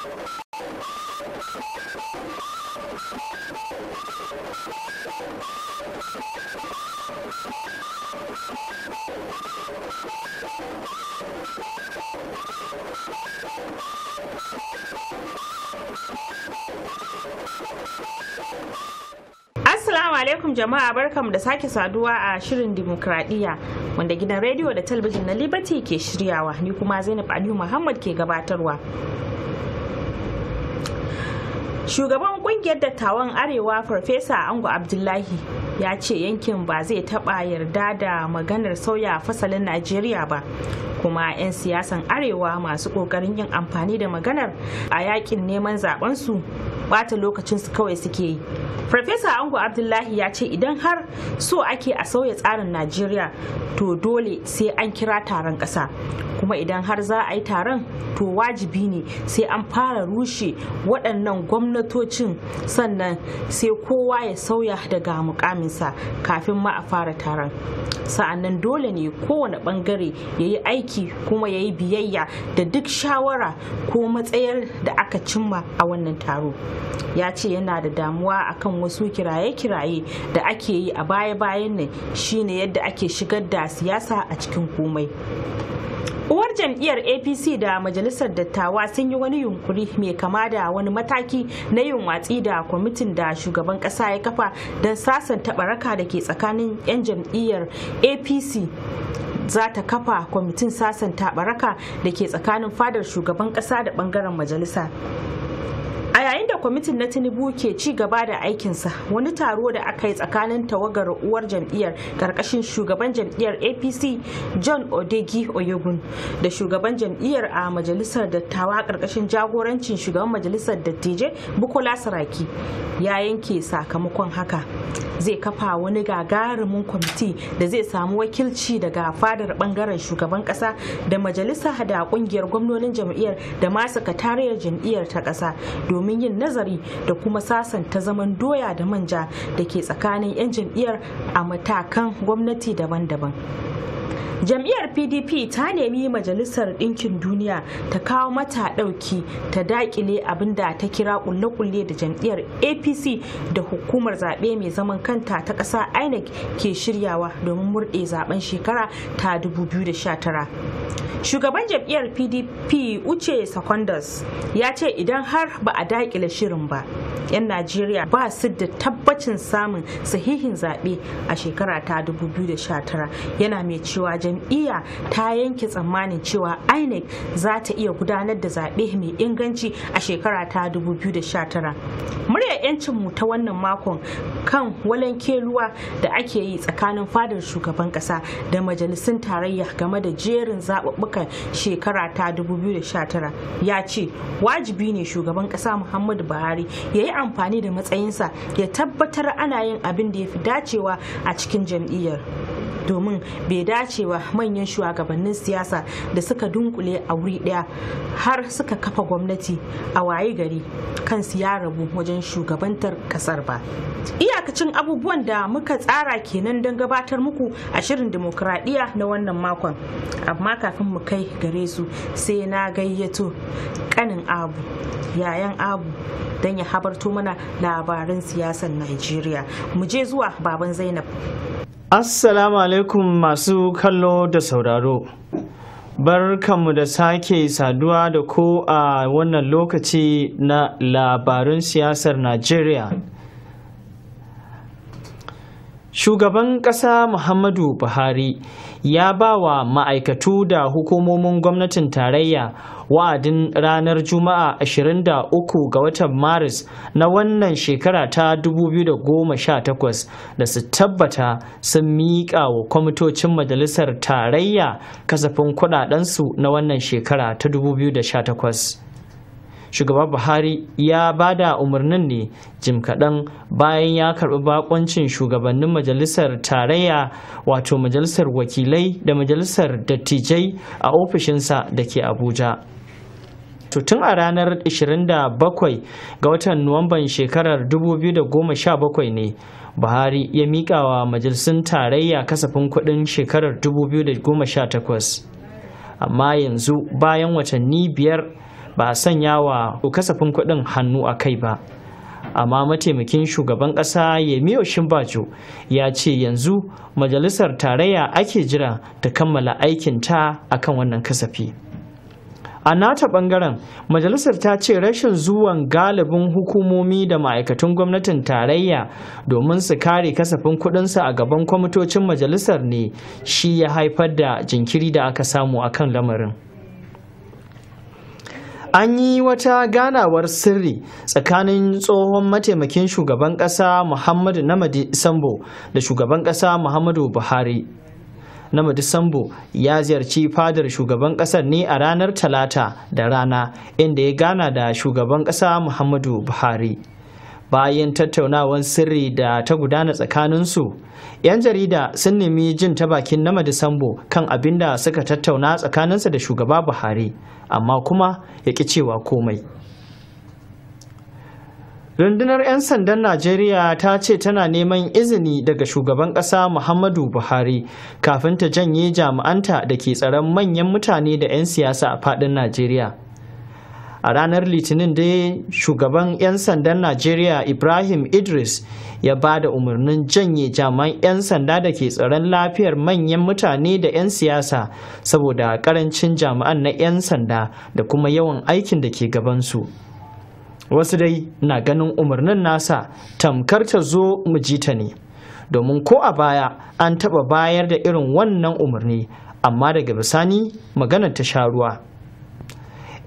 Assalamu alaikum jama'a barkamu da sake saduwa a shirin dimokuraɗiyya wanda gidan rediyo da talabijin na Liberty ke shiryawa ni kuma Zainab Aliyu Muhammad ke gabatarwa. shugaban kungiyar dattawan arewa farfesa ango abdullahi ya ce yankin ba zai taɓa yarda da maganar sauya fasalin najeriya ba kuma 'yan siyasan arewa masu ƙoƙarin yin amfani da maganar a yakin neman zabensu bata su kawai suke yi farfesa ango abdullahi ya ce idan har so ake a sauya tsarin najeriya to dole sai an kira taron ƙasa kuma idan har za a yi taron to wajibi ne sai an fara rushe waɗannan gwamnatocin sannan sai kowa ya sauya daga mukaminsa kafin ma a fara taron sa'annan dole ne kowane ɓangare ya yi aiki kuma ya yi biyayya da duk shawara ko matsayar da aka cimma a wannan taro ya ce yana da damuwa akan wasu kiraye-kiraye da ake yi a baya-bayan nan shine yadda ake shigar da siyasa a cikin komai uwar jam'iyyar apc da majalisar dattawa sun yi wani yunkuri mai kama da wani mataki na yin watsi da kwamitin da shugaban kasa ya kafa don sasanta baraka da ke tsakanin 'yan jam'iyyar apc za ta kafa kwamitin sasanta baraka da ke tsakanin fadar shugaban kasa da bangaren majalisa a yayin da kwamitin na tinubu ke ci gaba da aikinsa wani taro da aka yi tsakanin tawagar uwar jam'iyyar karkashin shugaban jam'iyyar apc john odegi oyogun da shugaban jam'iyyar a majalisar dattawa karkashin jagorancin shugaban majalisar dattijai bukola saraki ya yanke sakamakon haka zai kafa wani gagarumin kwamiti da zai samu wakilci daga fadar bangaren shugaban kasa da majalisa da kungiyar gwamnonin jam'iyyar da ma sakatariyar jam'iyyar ta kasa domin yin nazari da kuma sasanta zaman doya da manja da ke tsakanin 'yan jam'iyyar a matakan gwamnati daban-daban. jam'iyyar pdp ta nemi majalisar ɗinkin duniya ta kawo mata ɗauki ta daƙile abin da ta kira kulle-kulle da jam'iyyar apc da hukumar zaɓe mai zaman kanta ta ƙasa inec ke shiryawa domin murɗe zaben shekara ta 2019 shugaban jam'iyyar pdp uche secondus ya ce idan har ba a dakile shirin ba yan najeriya ba su da tabbacin samun sahihin zaɓe a shekara ta 2019 yana mai cewa jam'iyya ta yanke tsammanin cewa inec za ta iya gudanar da zaɓe mai inganci a shekara ta 2019 Murya 'yancin mu ta wannan makon kan walanke ruwa da ake yi tsakanin fadar shugaban ƙasa da majalisun tarayya game da jerin zaɓuɓɓukan shekara ta 2019 ya ce wajibi ne shugaban ƙasa muhammadu buhari ya yi amfani da matsayinsa ya tabbatar ana yin abin da ya fi dacewa a cikin jam'iyyar domin bai dace ba manyan shugabannin siyasa da suka dunkule a wuri daya har suka kafa gwamnati a waye gari kan ya rabu wajen shugabantar kasar ba iyakacin abubuwan da muka tsara kenan don gabatar muku a shirin demokradiyya na wannan makon amma kafin mu kai gare su sai na gayyato kanin abu yayan abu don ya habarto mana labarin siyasar najeriya mu je zuwa baban zainab Assalamu alaikum masu kallo da sauraro. Barkanmu da sake saduwa da ku a wannan lokaci na labarun siyasar Najeriya. Shugaban ƙasa Muhammadu Buhari ya ba wa ma'aikatu da hukumomin gwamnatin tarayya wa'adin ranar juma'a 23 ga watan maris na wannan shekara ta 2018 da su tabbata sun miƙa wa kwamitocin majalisar tarayya kasafin kudadensu na wannan shekara ta 2018 shugaba buhari ya ba da umarnin ne jim kaɗan bayan ya karɓi bakoncin shugabannin majalisar tarayya wato majalisar wakilai da majalisar dattijai a ofishinsa da ke abuja to tun a ranar 27 ga watan nuwamban shekarar 2017 ne buhari ya miƙa wa majalisun tarayya kasafin kuɗin shekarar 2018 amma yanzu bayan watanni biyar ba a sanya wa kasafin kuɗin hannu a kai ba amma mataimakin shugaban ƙasa yemiyo shimbajo ya ce yanzu majalisar tarayya ake jira ta kammala aikinta kan wannan kasafi a nata ɓangaren, majalisar ta ce rashin zuwan galibin hukumomi da ma'aikatan gwamnatin tarayya domin su kare kasafin kudinsu a gaban kwamitocin majalisar ne shi ya haifar da jinkiri da aka samu akan lamarin an yi wata ganawar sirri tsakanin tsohon mataimakin shugaban ƙasa muhammadu namadi sambo da shugaban ƙasa muhammadu buhari namadi sambo ya ziyarci fadar shugaban ƙasar ne a ranar talata da rana inda ya gana da shugaban ƙasa muhammadu buhari bayan tattaunawar sirri da ta gudana tsakaninsu yan jarida sun nemi jin ta bakin namadi sambo kan abin da suka tattauna tsakaninsa da shugaba buhari amma kuma ya ƙi cewa komai rundunar 'yan sandan najeriya ta ce tana neman izini daga shugaban ƙasa muhammadu buhari kafin ta janye jami'anta da ke tsaron manyan mutane da 'yan siyasa a faɗin najeriya a ranar litinin dai shugaban 'yan sandan najeriya ibrahim idris ya ba da umarnin janye jami'an 'yan sanda da ke tsaron lafiyar manyan mutane da 'yan siyasa saboda karancin jami'an na 'yan sanda da kuma yawan aikin da ke gabansu wasu dai na ganin umarnin nasa tamkar ta zo mu ji ta ne domin ko a baya an taɓa bayar da irin wannan umarni amma daga bisani maganar ta sha ruwa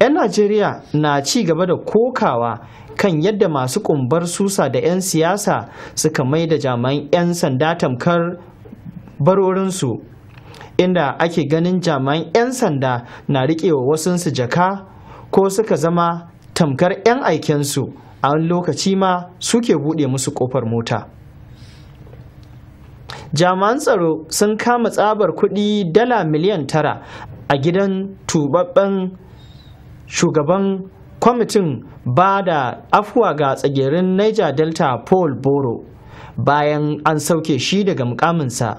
'yan najeriya na ci gaba da kokawa kan yadda masu kumbar susa da 'yan siyasa suka mai da jami'an 'yan sanda tamkar barorinsu inda ake ganin jami'an 'yan sanda na wa wasunsu jaka ko suka zama tamkar 'yan aikensu a wani lokaci ma suke buɗe musu ƙofar mota jami'an tsaro sun kama tsabar kuɗi dala miliyan tara a gidan tubabban shugaban kwamitin ba da afuwa ga tsagerin niger delta paul boro bayan an sauke shi daga mukaminsa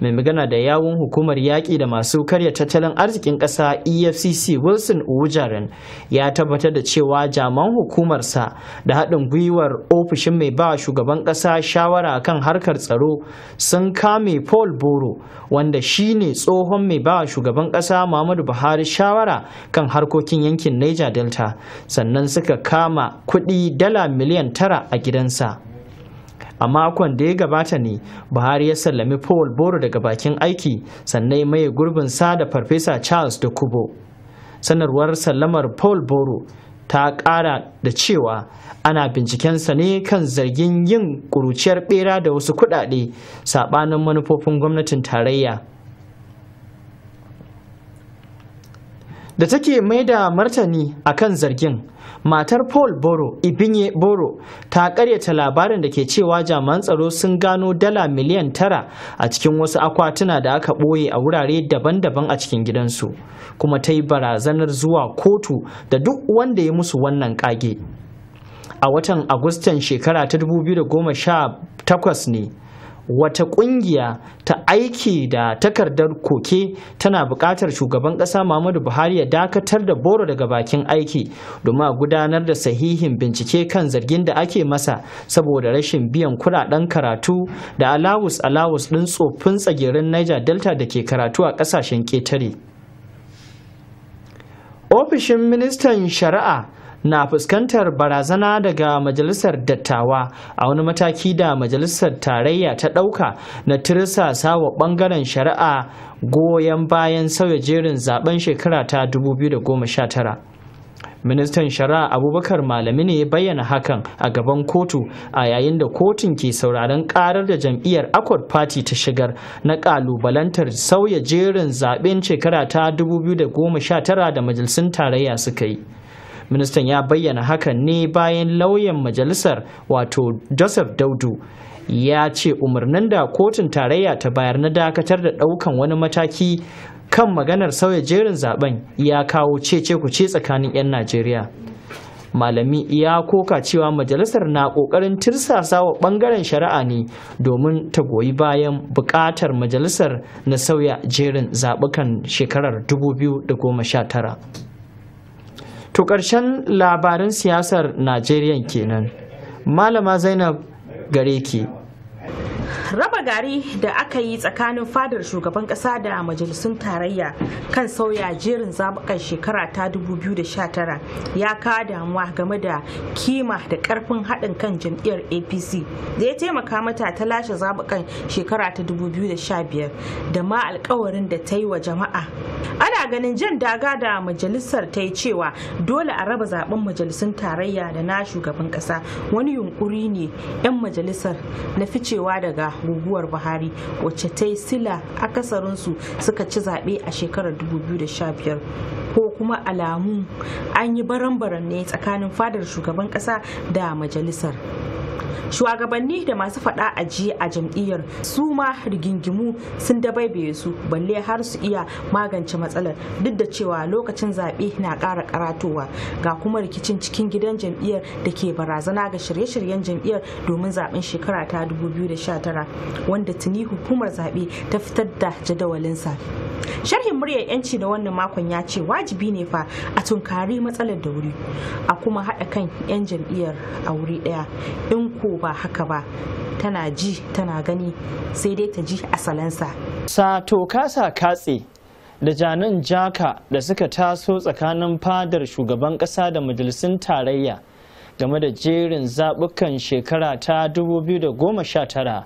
mai magana da yawun hukumar yaƙi da masu karya tattalin arzikin ƙasa efcc wilson ujaren ya tabbatar da cewa jaman hukumarsa da haɗin gwiwar ofishin mai ba shugaban ƙasa shawara kan harkar tsaro sun kame paul boro wanda shi ne tsohon mai ba shugaban ƙasa muhammadu buhari shawara kan harkokin yankin niger delta sannan suka kama kuɗi dala miliyan tara a gidansa a makon da ya gabata ne buhari ya sallami paul boro daga bakin aiki sannan mai gurbin sa da farfesa charles da kubo sanarwar sallamar paul boro ta kara da cewa ana bincikensa ne kan zargin yin ƙuruciyar bera da wasu kuɗaɗe saɓanin manufofin gwamnatin tarayya da take mai da martani a kan zargin matar paul boro ibinye boro ta karyata labarin da ke cewa jami'an tsaro sun gano dala miliyan tara a cikin wasu akwatuna da aka ɓoye a wurare daban-daban a cikin gidansu kuma ta yi barazanar zuwa kotu da duk wanda ya musu wannan kage a watan agustan shekara ta 2018 ne wata kungiya ta aiki da takardar koke tana buƙatar shugaban ƙasa Muhammadu Buhari ya dakatar da boro daga bakin aiki domin a gudanar da sahihin bincike kan zargin da ake masa saboda rashin biyan kuɗaɗen karatu da alawus alawus ɗin tsofin tsagerin Niger Delta da ke karatu a ƙasashen ƙetare. Ofishin Ministan Shari'a na fuskantar barazana daga majalisar dattawa a wani mataki da majalisar tarayya ta ɗauka na tirsasa wa ɓangaren shari'a goyon bayan sauya jerin zaben shekara ta 2019 ministan shari'a abubakar malami ne bayyana hakan a gaban kotu a yayin da kotun ke sauraron karar da jam'iyyar accord party ta shigar na kalubalantar sauya jerin zaben shekara ta 2019 da majalisun tarayya suka yi ministan ya bayyana hakan ne bayan lauyan majalisar wato joseph daudu ya ce umarnin da kotun tarayya ta bayar na dakatar da daukan wani mataki kan maganar sauya jerin zaben ya kawo cece ce tsakanin 'yan najeriya malami ya koka cewa majalisar na kokarin tirsasa wa bangaren shari'a ne domin ta goyi bayan bukatar majalisar na sauya jerin zabukan shekarar 2019 to ƙarshen labarin siyasar najeriya kenan malama zainab gare ki raba gari da aka yi tsakanin fadar shugaban kasa da majalisun tarayya kan sauya jerin zabukan shekara ta 2019 ya ka damuwa game da kima da karfin haɗin kan jam'iyyar apc da ya taimaka mata ta lashe zabukan shekara ta 2015 da ma alkawarin da ta yi wa jama'a ana ganin jan daga da majalisar ta yi cewa dole a raba zaben majalisun tarayya da na shugaban kasa wani yunkuri ne 'yan majalisar na ficewa daga guguwar buhari wacce ta yi sila akasarinsu suka ci zaɓe a shekarar 2015 ko kuma alamu an yi baran-baran ne tsakanin fadar shugaban ƙasa da majalisar shugabanni da masu faɗa ajiye a jam'iyyar su ma rigingimu sun dabaibaye su balle har su iya magance matsalar duk da cewa lokacin zaɓe na ƙara karatowa ga kuma rikicin cikin gidan jam'iyyar da ke barazana ga shirye-shiryen jam'iyyar domin zaɓen shekara ta 2019 wanda tuni hukumar zaɓe ta fitar da jadawalinsa sharhin muryar yanci da wannan makon ya ce wajibi ne fa a tunkari matsalar da wuri a kuma haɗa kan 'yan jam'iyyar a wuri ɗaya in ku ko ba haka ba tana ji tana gani sai dai ta ji asalansa sato kasa katse da janin jaka da suka taso tsakanin fadar shugaban kasa da majalisun tarayya game da jerin zaɓukan shekara ta 2019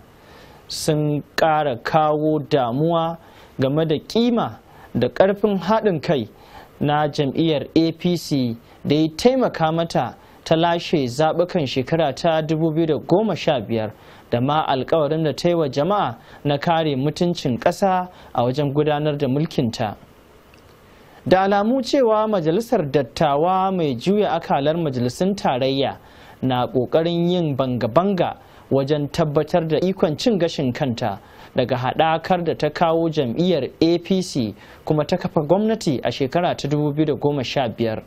sun ƙara kawo damuwa game da kima da ƙarfin haɗin kai na jam'iyyar apc da ya taimaka mata ta lashe zaɓukan shekara ta 2015 da ma alkawarin da ta yi wa jama'a na kare mutuncin ƙasa a wajen gudanar da mulkinta. Da alamu cewa majalisar dattawa mai juya akalar majalisun tarayya na ƙoƙarin yin banga-banga wajen tabbatar da ikon cin gashin kanta daga haɗakar da ta kawo jam'iyyar apc kuma ta kafa gwamnati a shekara ta 2015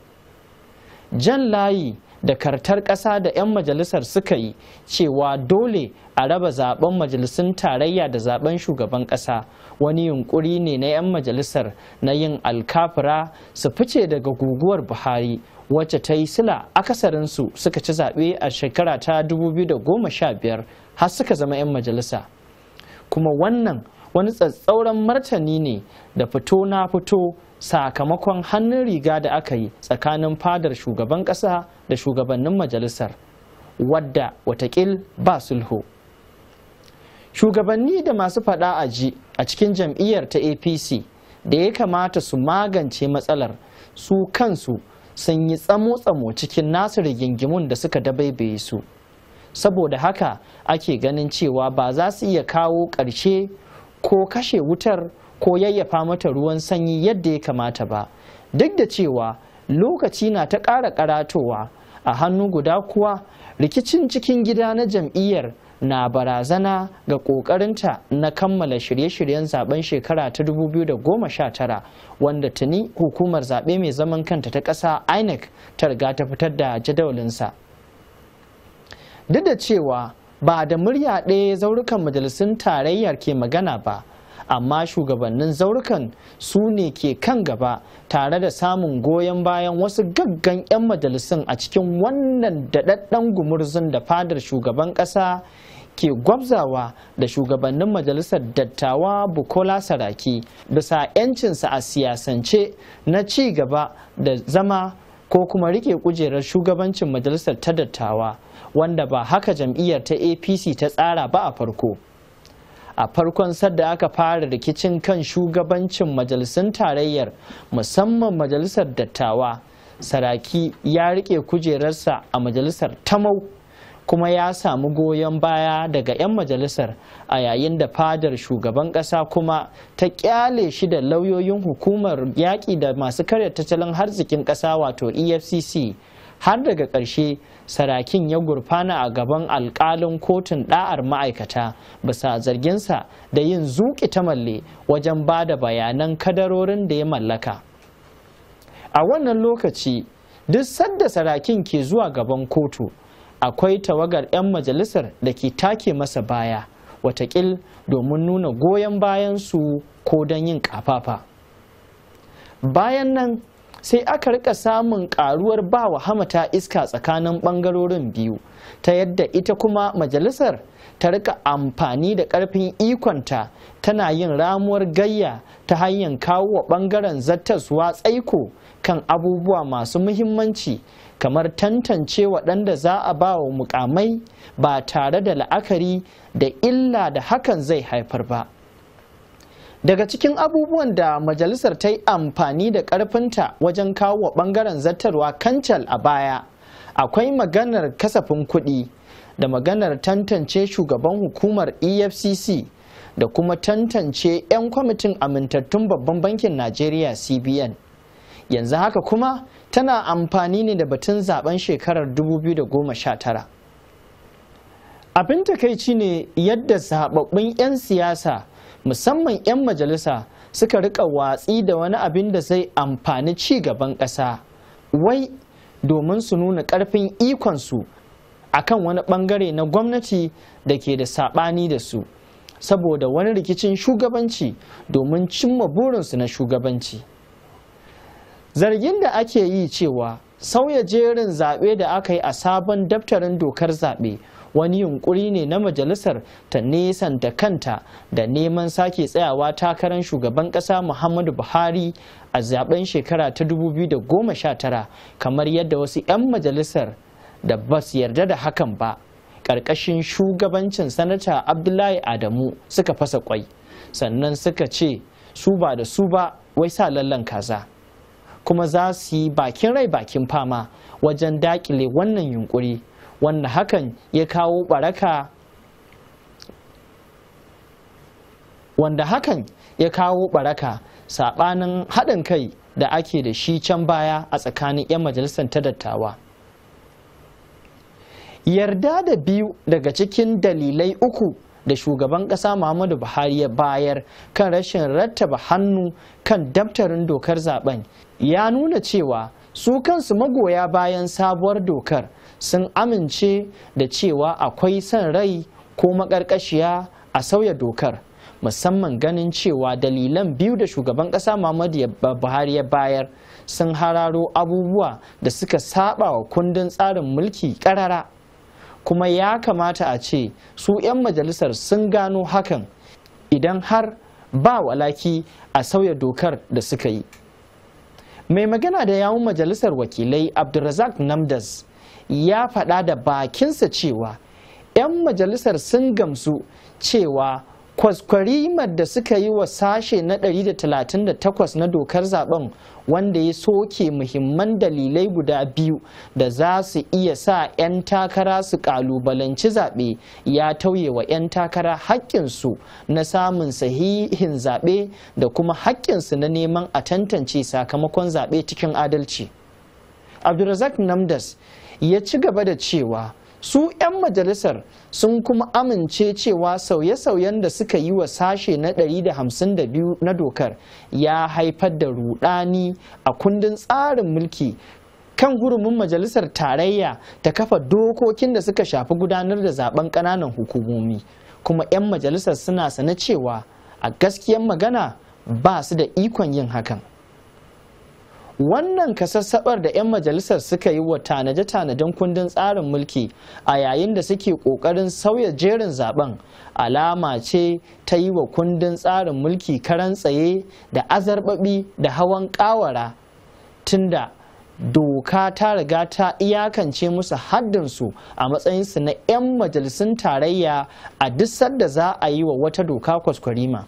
jan layi da kartar ƙasa da 'yan majalisar suka yi cewa dole a raba zaben majalisun tarayya da zaben shugaban ƙasa wani yunkuri ne na 'yan majalisar na yin alkafira su fice daga guguwar buhari wacce ta yi sila akasarinsu suka ci zaɓe a shekara ta 2015 har suka zama 'yan majalisa kuma wannan wani tsatsauran martani ne da fito na fito sakamakon hannun riga da aka yi tsakanin fadar shugaban ƙasa da shugabannin majalisar wadda watakil ba sulhu shugabanni da masu faɗa a ji a cikin jam'iyyar ta apc da ya kamata su magance matsalar su kansu sun yi tsamo-tsamo cikin nasu rigingimun da suka dabaibaye su saboda haka ake ganin cewa ba za su iya kawo ƙarshe ko kashe wutar ko yayyafa mata ruwan sanyi yadda ya kamata ba duk da cewa lokaci na ta ƙara karatowa a hannu guda kuwa rikicin cikin gida na jam'iyyar na barazana ga ƙoƙarinta na kammala shirye-shiryen zaben shekara ta 2019 wanda tuni hukumar zaɓe mai zaman kanta ta ƙasa inec ta riga ta fitar da jadawalinsa duk da cewa ba da murya ɗaya zaurukan majalisun tarayyar ke magana ba amma shugabannin zaurukan su ne ke kan gaba tare da samun goyon bayan wasu gaggan 'yan majalisun a cikin wannan daɗaɗɗen gumurzun da fadar shugaban ƙasa ke gwabzawa da shugabannin majalisar dattawa bukola saraki bisa 'yancinsa a siyasance na ci gaba da zama ko kuma rike kujerar shugabancin majalisar ta dattawa wanda ba haka jam'iyyar ta apc ta tsara ba a farko a farkon sadda aka fara rikicin kan shugabancin majalisun tarayyar musamman majalisar dattawa saraki ya rike kujerarsa a majalisar tamau kuma ya samu goyon baya daga 'yan majalisar a yayin da fadar shugaban ƙasa kuma ta ƙyale shi da lauyoyin hukumar yaƙi da masu karya tattalin harzikin ƙasa wato efcc har daga ƙarshe sarakin ya gurfana a gaban alƙalin kotun ɗa'ar ma'aikata bisa zarginsa da yin zuƙi ta malle wajen ba da bayanan kadarorin da ya mallaka a wannan lokaci duk sadda sarakin ke zuwa gaban kotu akwai tawagar 'yan majalisar da ke take masa baya watakil domin nuna goyon bayansu ko don yin ƙafafa bayan nan sai aka rika samun karuwar ba wa hamata iska tsakanin bangarorin biyu ta yadda ita kuma majalisar ta rika amfani da karfin ikonta tana yin ramuwar gayya ta hanyar kawo wa bangaren zattaswa tsaiko kan abubuwa masu muhimmanci kamar tantance waɗanda za a ba wa mukamai ba tare da la'akari da illa da hakan zai haifar ba. Daga cikin abubuwan da majalisar ta yi amfani da ƙarfinta wajen kawo wa ɓangaren zartarwa kancal a baya, akwai maganar kasafin kuɗi da maganar tantance shugaban hukumar EFCC da kuma tantance 'yan kwamitin amintattun babban bankin Najeriya CBN. Yanzu haka kuma tana amfani ne da batun zaben shekarar 2019. Abin takaici ne yadda sababbin 'yan siyasa musamman 'yan majalisa suka rika watsi da wani abin da zai amfani ci gaban ƙasa wai domin su nuna ƙarfin ikonsu a kan wani ɓangare na gwamnati da ke da saɓani da su saboda wani rikicin shugabanci domin cimma burinsu na shugabanci zargin da ake yi cewa sauya jerin zaɓe da aka yi a sabon daftarin dokar zaɓe wani yunkuri ne na majalisar ta nesan da kanta da neman sake tsayawa takarar shugaban kasa muhammadu buhari a zaben shekara ta 2019 kamar yadda wasu 'yan majalisar da ba su yarda da hakan ba ƙarƙashin shugabancin sanata abdullahi adamu suka fasa kwai sannan suka ce su ba da su ba wai sa lallan kaza kuma za su yi bakin rai bakin fama wajen dakile wannan yunkuri wanda hakan ya kawo baraka wanda hakan ya kawo baraka saɓanin haɗin kai da ake da shi can baya a tsakanin 'yan majalisar ta dattawa yarda da biyu daga cikin dalilai uku da shugaban ƙasa muhammadu buhari ya bayar kan rashin rattaba hannu kan daftarin dokar zaben ya nuna cewa su kansu magoya bayan sabuwar dokar sun amince da cewa akwai son rai ko maƙarƙashiya a sauya dokar musamman ganin cewa dalilan biyu da shugaban ƙasa muhammadu buhari ya bayar sun hararo abubuwa da suka saba wa kundin tsarin mulki ƙarara kuma ya kamata a ce su 'yan majalisar sun gano hakan idan har ba walaki a sauya dokar da suka yi mai magana da yawun majalisar wakilai abdulrazak namdas ya faɗa da bakinsa cewa 'yan majalisar sun gamsu cewa kwaskwarimar da suka yi wa sashe na 138 na dokar zaben wanda ya soke muhimman dalilai guda biyu da za su iya sa 'yan takara su kalubalanci zaɓe ya tauye wa 'yan takara haƙƙinsu na samun sahihin zaɓe da kuma haƙƙinsu na neman a tantance sakamakon zaɓe cikin adalci. Abdulrazak Namdas ya ci gaba da cewa su 'yan majalisar sun kuma amince cewa sauye-sauyen da suka yi wa sashe na 152 na dokar ya haifar da rudani a kundin tsarin mulki kan gurumin majalisar tarayya ta kafa dokokin da suka shafi gudanar da zaben ƙananan hukumomi kuma 'yan majalisar suna sane cewa a gaskiyar magana ba su da ikon yin hakan. wannan kasassabar da 'yan majalisar suka yi wa tanaje-tanajen kundin tsarin mulki a yayin da suke ƙoƙarin sauya jerin zaben alama ce ta yi wa kundin tsarin mulki karan tsaye da azarbabi da hawan ƙawara tunda doka ta riga ta iyakance musu haddinsu a matsayinsu na 'yan majalisun tarayya a duk da za a yi wa wata doka kwaskwarima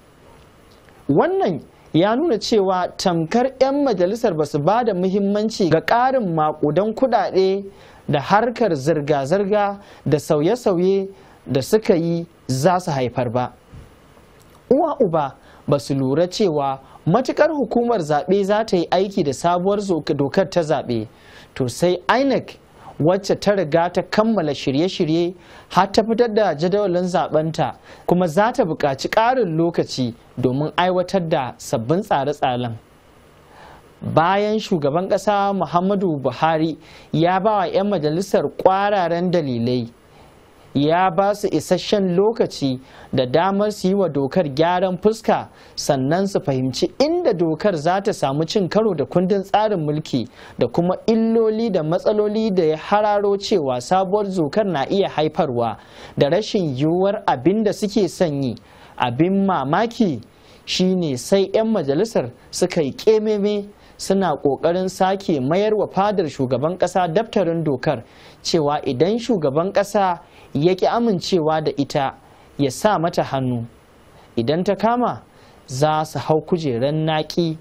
wannan ya nuna cewa tamkar 'yan majalisar ba su ba da muhimmanci ga ƙarin makudan kuɗaɗe da harkar zirga-zirga da sauye-sauye da suka yi za su haifar ba uwa uba ba su lura cewa matukar hukumar zaɓe za ta yi aiki da sabuwar dokar ta zaɓe to sai inec wacce ta riga ta kammala shirye-shirye har ta fitar da jadawalin zabenta kuma za ta buƙaci ƙarin lokaci domin aiwatar da sabbin tsare-tsaren bayan shugaban ƙasa muhammadu buhari ya ba wa 'yan majalisar ƙwararen dalilai ya ba su isasshen lokaci da damar su yi wa dokar gyaran fuska sannan su fahimci inda dokar za ta samu cin karo da kundin tsarin mulki da kuma illoli da matsaloli da ya hararo cewa sabuwar zokar na iya haifarwa da rashin yiwuwar abin da suke sanyi abin mamaki shine sai 'yan majalisar suka yi kememe suna ƙoƙarin sake mayar wa fadar shugaban ƙasa daftarin dokar cewa idan shugaban ƙasa ya ƙi amincewa da ita ya sa mata hannu idan ta kama za su hau kujeran naƙi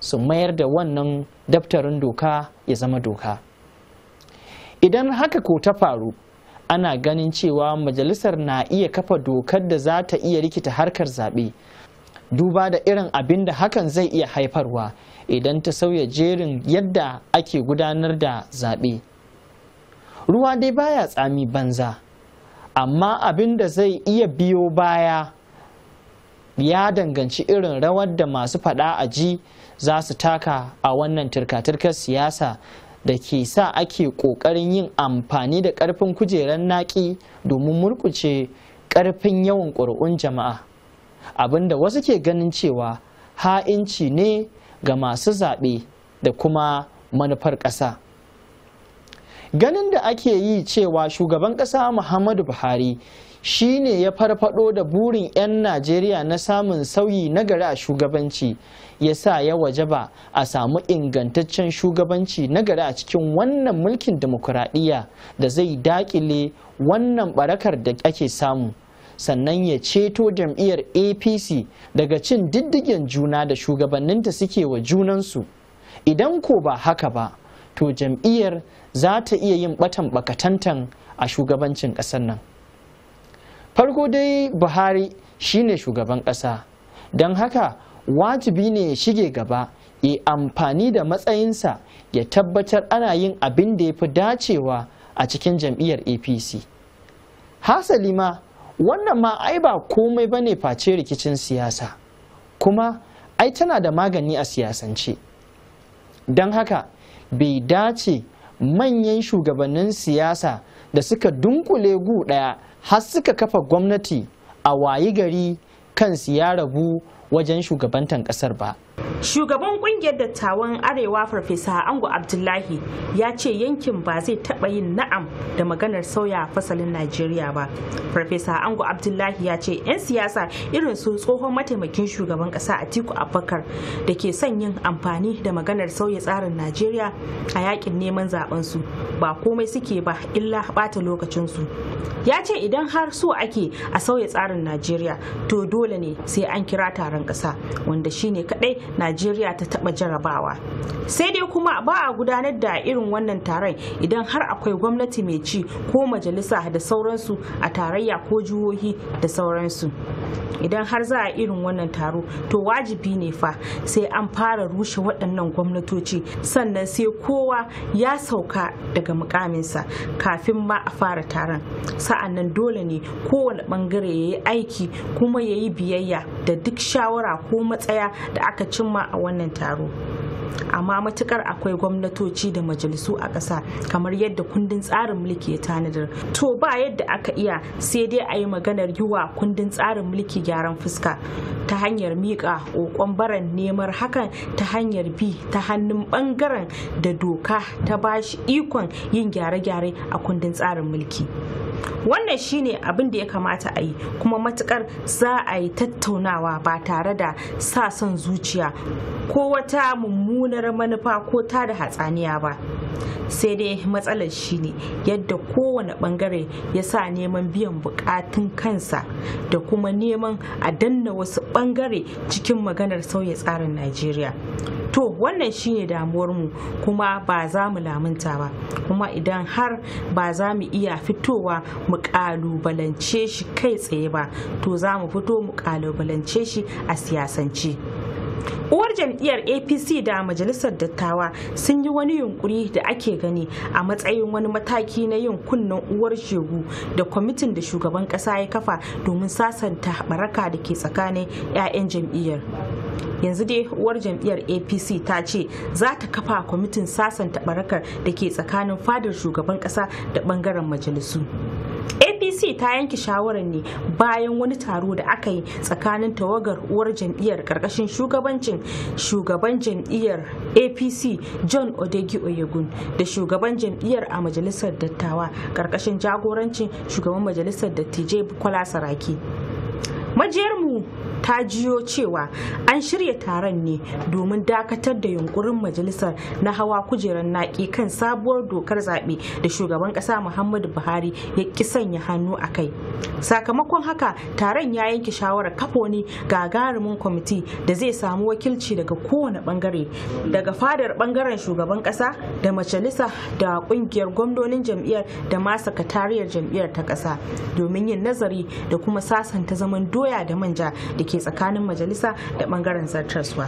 su mayar da wannan daftarin doka ya zama doka idan haka ko ta faru ana ganin cewa majalisar na iya kafa dokar da za ta iya rikita harkar zaɓe duba da irin abin da hakan zai iya haifarwa idan ta sauya jerin yadda ake gudanar da zaɓe ruwa dai baya tsami banza amma abin da zai iya biyo baya ya danganci irin rawar da masu faɗa a ji za su taka a wannan turka-turkar siyasa da ke sa ake ƙoƙarin yin amfani da ƙarfin kujerar naƙi domin murkuce ƙarfin yawan ƙuri'un jama'a abinda wasu ke ganin cewa ha'inci ne ga masu zaɓe da kuma manufar ƙasa ganin da ake yi cewa shugaban ƙasa muhammadu buhari shi ne ya farfaɗo da burin 'yan najeriya na samun sauyi na gari a shugabanci ya sa ya wajaba a samu ingantaccen shugabanci na gari a cikin wannan mulkin demokuraɗiyya da zai daƙile wannan ɓarakar da ake samu sannan ya ceto jam'iyyar apc daga cin diddigen juna da shugabanninta suke wa junansu idan ko ba haka ba to jam'iyyar za ta iya yin batan bakatantan a shugabancin ƙasar nan farko dai buhari shine shugaban ƙasa don haka wajibi ne ya shige gaba ya amfani da matsayinsa ya tabbatar ana yin abin da ya fi dacewa a cikin jam'iyyar apc hasali ma wannan ma ai ba komai ba ne face rikicin siyasa kuma ai tana da magani a siyasance don haka bai dace manyan shugabannin siyasa da suka dunkule gu ɗaya har suka kafa gwamnati a wayi gari kan siya rabu wajen shugabantan ƙasar ba shugaban kungiyar dattawan arewa farfesa ango abdullahi ya ce yankin ba zai taɓa yin na'am da maganar sauya fasalin najeriya ba farfesa ango abdullahi ya ce 'yan siyasa irin su tsohon mataimakin shugaban ƙasa atiku abubakar da ke son yin amfani da maganar sauya tsarin najeriya a yakin neman zaben su ba komai suke ba illa bata lokacin su ya ce idan har so ake a sauya tsarin najeriya to dole ne sai an kira taron ƙasa wanda shine kadai. najeriya ta taba jarabawa sai dai kuma ba a gudanar da irin wannan taron idan har akwai gwamnati mai ci ko majalisa da sauransu a tarayya ko jihohi da sauransu idan har za a irin wannan taro to wajibi ne fa sai an fara rushe waɗannan gwamnatoci sannan sai kowa ya sauka daga mukaminsa kafin ma a fara taron sa'annan dole ne kowane ɓangare ya yi aiki kuma ya yi biyayya da duk shawara ko matsaya da aka cimma a wannan taro amma matukar akwai gwamnatoci da majalisu a ƙasa kamar yadda kundin tsarin mulki ya tanadar to ba yadda aka iya sai dai a yi maganar yiwa kundin tsarin mulki gyaran fuska ta hanyar miƙa ƙoƙon baran neman hakan ta hanyar bi ta hannun ɓangaren da doka ta bashi ikon yin gyare-gyare a kundin tsarin mulki wannan shine abin da ya kamata a yi kuma matukar za a yi tattaunawa ba tare da sa son zuciya ko wata mummunar manufa ko ta da hatsaniya ba sai dai matsalar shine yadda kowane bangare ya sa neman biyan bukatun kansa da kuma neman a danna wasu bangare cikin maganar sauya tsarin najeriya to wannan shine mu kuma ba za mu lamunta ba kuma idan har ba za mu iya fitowa mu kalubalance shi kai tsaye ba to za mu fito mu kalubalance shi a siyasance uwar jam'iyyar apc da majalisar dattawa sun yi wani yunkuri da ake gani a matsayin wani mataki na yin kunnen uwar shegu da kwamitin da shugaban kasa ya kafa domin sasanta baraka da ke tsakanin 'ya'yan jam'iyyar yanzu dai uwar jam'iyyar apc ta ce za ta kafa kwamitin sasanta barakar da ke tsakanin fadar shugaban kasa da bangaren majalisu apc ta yanke shawarar ne bayan wani taro da aka yi tsakanin tawagar uwar jam'iyyar karkashin shugabancin shugaban jam'iyyar apc john odegi oyegun da shugaban jam'iyyar a majalisar dattawa karkashin jagorancin shugaban majalisar dattijai bukola saraki majiyarmu ta jiyo cewa an shirya taron ne domin dakatar da yunkurin majalisar na hawa kujerar naki kan sabuwar dokar zaɓe da shugaban ƙasa muhammadu buhari ya ƙi sanya hannu a kai sakamakon haka taron ya yanke shawarar kafo ne gagarumin kwamiti da zai samu wakilci daga kowane bangare daga fadar bangaren shugaban ƙasa da majalisa da ƙungiyar gwamnonin jam'iyyar da ma sakatariyar jam'iyyar ta ƙasa domin yin nazari da kuma sasanta zaman doya da manja da ke tsakanin majalisa da bangaren zartaswa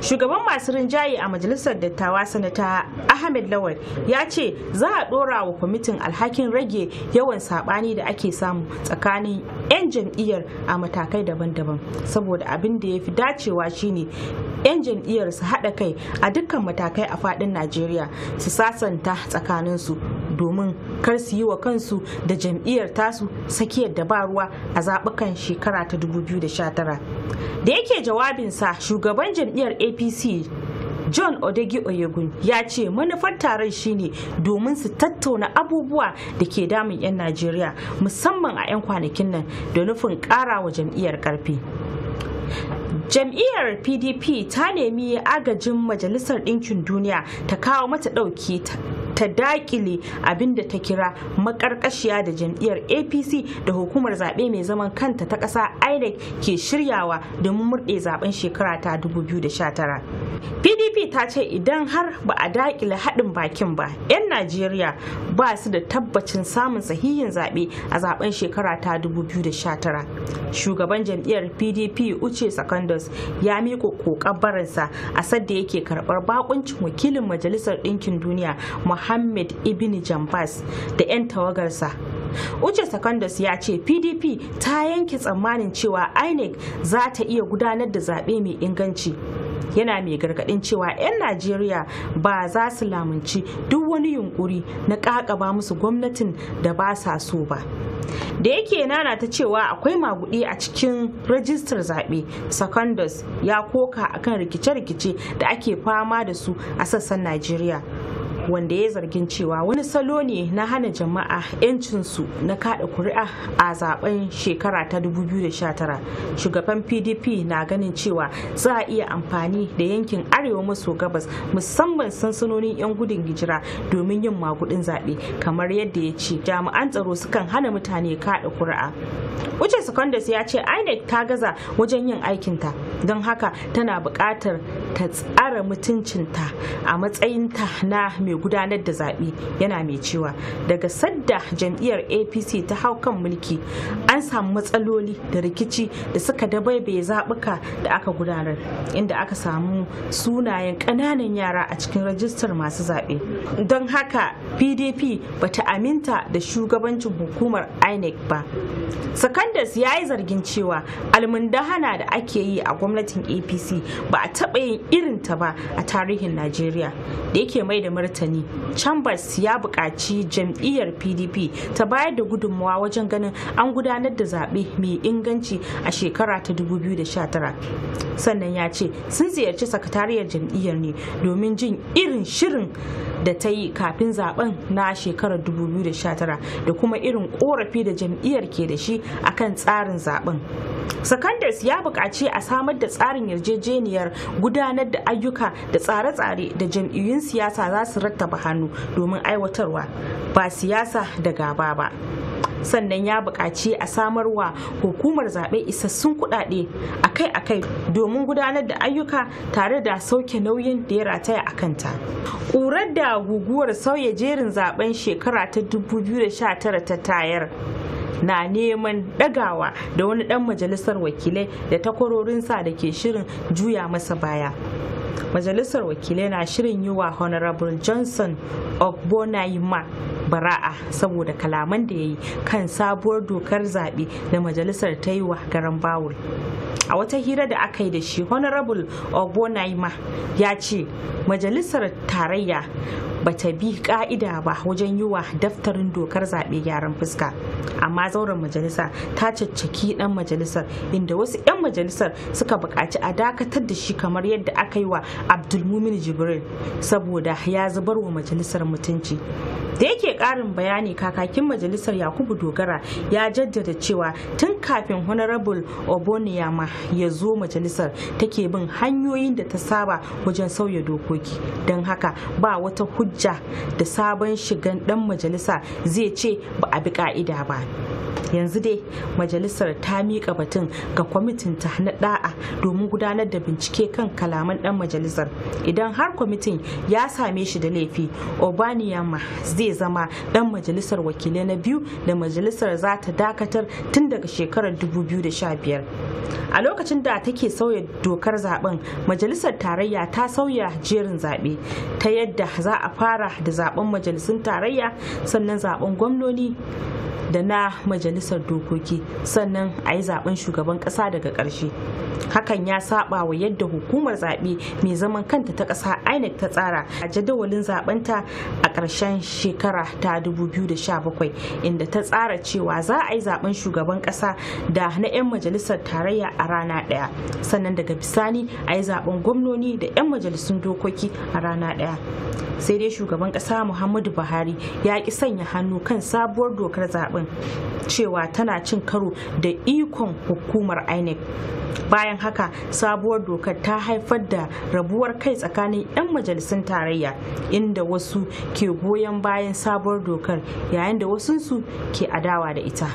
shugaban masu rinjaye a majalisar dattawa sanata ahmed lawal ya ce za a dora wa kwamitin alhakin rage yawan sabani da ake samu tsakanin 'yan jam'iyyar a matakai daban-daban saboda abin da ya fi dacewa shine 'yan jam'iyyar su haɗa kai a dukkan matakai a faɗin najeriya su sasanta tsakaninsu domin kar su yi wa kansu da jam'iyyar tasu sakiyar da ba a zaɓukan shekara ta 2019 da yake jawabinsa shugaban jam'iyyar apc john odegi oyegun ya ce manufar taron shine domin su tattauna abubuwa da ke damun 'yan najeriya musamman a 'yan kwanakin nan da nufin ƙara wa jam'iyyar ƙarfi jam'iyyar pdp ta nemi agajin majalisar ɗinkin duniya ta kawo mata ɗauki ta dakile abin da ta kira makarkashiya da jam'iyyar apc da hukumar zaɓe mai zaman kanta ta ƙasa inec ke shiryawa domin murɗe zaben shekara ta 2019 pdp ta ce idan har ba a dakile haɗin bakin ba 'yan najeriya ba su da tabbacin samun sahihin zaɓe a zaben shekara ta 2019 shugaban jam'iyyar pdp uche secondus ya miƙa kokabarinsa a sadda yake karɓar bakuncin wakilin majalisar ɗinkin duniya Mohammed Ibn Jambas da 'yan tawagarsa. Uche Secondus ya ce PDP ta yanke tsammanin cewa INEC za ta iya gudanar da zaɓe mai inganci. yana mai gargaɗin cewa 'yan najeriya ba za su lamunci duk wani yunkuri na ƙaƙaba musu gwamnatin da ba sa so ba da yake nana ta cewa akwai magudi a cikin rajistar zaɓe secondus ya koka akan rikice-rikice da ake fama da su a sassan najeriya wanda ya zargin cewa wani salo ne na hana jama'a 'yancinsu na kada kuri'a a zaben shekara ta 2019 shugaban pdp na ganin cewa za a iya amfani da yankin arewa maso gabas musamman sansanonin 'yan gudun gijira domin yin magudin zaɓe kamar yadda ya ce jami'an tsaro sukan hana mutane kada kuri'a wuce secondus ya ce inec ta gaza wajen yin aikinta don haka tana buƙatar ta tsara mutuncinta a matsayinta na mai gudanar da zaɓe yana mai cewa daga sadda jam'iyyar apc ta hau kan mulki an samu matsaloli da rikici da suka bai zaɓuka da aka gudanar inda aka samu sunayen ƙananan yara a cikin rajistar masu zaɓe don haka pdp bata aminta da shugabancin hukumar inec ba sakandas ya yi zargin cewa almundahana da ake yi a gwamnatin apc ba a taɓa yin irinta ba a tarihin najeriya da yake mai da martani rahotanni chambers ya buƙaci jam'iyyar pdp ta bayar da gudunmawa wajen ganin an gudanar da zaɓe mai inganci a shekara ta 2019 sannan ya ce sun ziyarci sakatariyar jam'iyyar ne domin jin irin shirin da ta yi kafin zaben na shekarar 2019 da kuma irin korafi da jam'iyyar ke da shi akan tsarin zaben sakandars ya buƙaci a samar da tsarin yarjejeniyar gudanar da ayyuka da tsare-tsare da jam'iyyun siyasa za su tattaba hannu domin aiwatarwa ba siyasa da gaba ba sannan ya buƙaci a samarwa hukumar zaɓe isassun kuɗaɗe akai-akai domin gudanar da ayyuka tare da sauke nauyin da ya rataya a kanta. ƙurar da guguwar sauya jerin zaɓen shekara ta 2019 ta tayar na neman dagawa da wani dan majalisar wakilai da takwarorinsa da ke shirin juya masa baya majalisar wakilai na shirin yi wa honorable johnson ogbonayima bara'a saboda kalaman da ya yi kan sabuwar dokar zaɓe da majalisar ta yi wa garan bawul a wata hira da aka yi da shi honorable ogbonayima ya ce majalisar tarayya bata bi ka'ida ba wajen yi wa daftarin dokar zaɓe gyaran fuska amma ma majalisa ta caccaki dan majalisar inda wasu 'yan majalisar suka buƙaci a dakatar da shi kamar yadda aka yi wa abdulmumin jibril saboda ya zubar wa majalisar mutunci da yake ƙarin bayani kakakin majalisar yakubu dogara ya jaddada cewa tun kafin honorable oboniyama ya zo majalisar take bin hanyoyin da ta saba wajen sauya dokoki don haka ba wata hujja da sabon shigan dan majalisa zai ce ba a bi ka'ida ba yanzu dai majalisar ta miƙa batun ga kwamitin ta na da'a domin gudanar da bincike kan kalaman ɗan majalisar idan har kwamitin ya same shi da laifi obaniyama zai zama ɗan majalisar wakilai na biyu da majalisar za ta dakatar tun daga shekarar 2015 a lokacin da take sauya dokar zaben majalisar tarayya ta sauya jerin zaɓe ta yadda za a fara da zaben majalisun tarayya sannan zaben gwamnoni da na majalisar dokoki sannan a yi zaben shugaban kasa daga ƙarshe hakan ya saba wa yadda hukumar zaɓe mai zaman kanta ta ƙasa inec ta tsara a jadawalin zaɓenta a ƙarshen shekara ta 2017 inda ta tsara cewa za a yi zaben shugaban ƙasa da na 'yan majalisar tarayya a rana ɗaya sannan daga bisani a yi zaben gwamnoni da 'yan majalisun dokoki a rana ɗaya sai dai shugaban ƙasa muhammadu buhari ya ƙi sanya hannu kan sabuwar dokar zaɓen. cewa tana cin karo da ikon hukumar inec bayan haka sabuwar dokar ta haifar da rabuwar kai tsakanin 'yan majalisun tarayya inda wasu ke goyon bayan sabuwar dokar yayin da wasunsu ke adawa da ita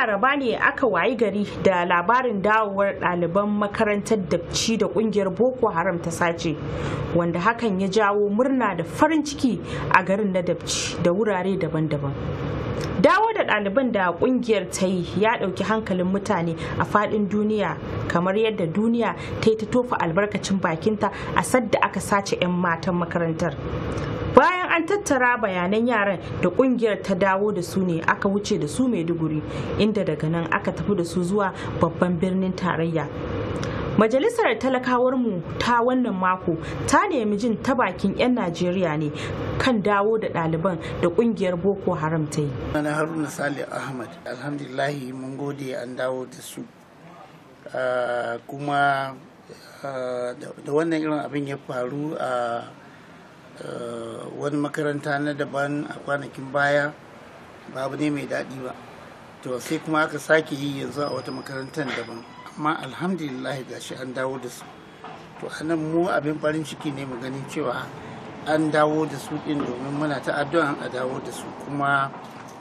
laraba ne aka wayi gari da labarin dawowar ɗaliban makarantar dabci da ƙungiyar boko haram ta sace wanda hakan ya jawo murna da farin ciki a garin na dabci da wurare daban-daban dawo da ɗaliban da ƙungiyar ta yi ya ɗauki hankalin mutane a faɗin duniya kamar yadda duniya ta yi ta tofa albarkacin bakinta a sadda aka sace 'yan matan makarantar bayan an tattara bayanan yaran da kungiyar ta dawo da su ne aka wuce da su mai maiduguri inda daga nan aka tafi da su zuwa babban birnin tarayya majalisar talakawarmu ta wannan mako ta nemi jin ta bakin 'yan najeriya ne kan dawo da ɗaliban da ƙungiyar boko haram ta yi na haruna sale ahmad alhamdulillahi mun gode an dawo da su ah, kuma ah, da wannan irin abin ya faru a ah, Eh, wani makaranta na daban a kwanakin baya babu ne mai daɗi ba to sai kuma aka sake yi yanzu a wata makarantar daban amma alhamdulillah shi an dawo da su to anan mu abin farin ciki ne mu ganin cewa an dawo da su ɗin domin muna ta addu'an a dawo da su kuma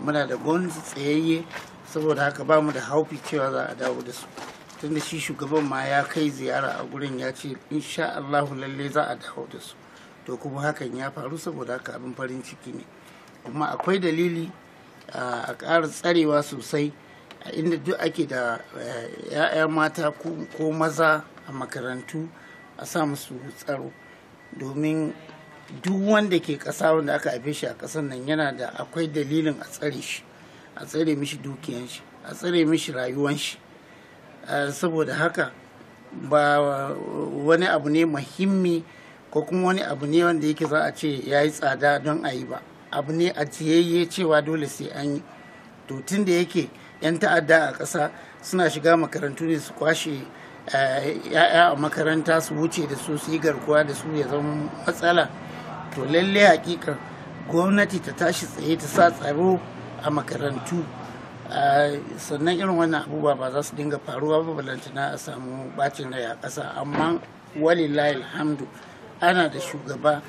muna da gwamnati tsayayye saboda haka ba mu da haufi cewa za a dawo da su tunda shi shugaban ma ya kai ziyara a gurin ya ce insha Allahu lalle za a dawo da su to kuma hakan ya faru saboda haka abin farin ciki ne kuma akwai dalili a ƙara tsarewa sosai a inda duk ake da eh, 'ya'ya mata ko maza a makarantu a sa musu tsaro domin duk wanda ke ƙasa wanda aka haife shi a ƙasar nan yana da akwai dalilin a tsare shi a tsare mishi dukiyan shi a tsare mishi rayuwan shi eh, saboda haka ba wani abu ne muhimmi ko kuma wani abu ne wanda yake za a ce ya yi tsada don a yi ba abu ne a ciyayye cewa dole sai an yi to tun da yake 'yan ta'adda a ƙasa suna shiga makarantu ne su kwashe eh, ya'ya a makaranta su wuce da su su yi garkuwa da su ya zama matsala to lalle hakikar gwamnati ta tashi tsaye ta sa tsaro a makarantu eh, sannan irin wannan abubuwa ba za su dinga faruwa ba balantana a samu bacin rai a ƙasa amma walillahi alhamdu ana da shugaba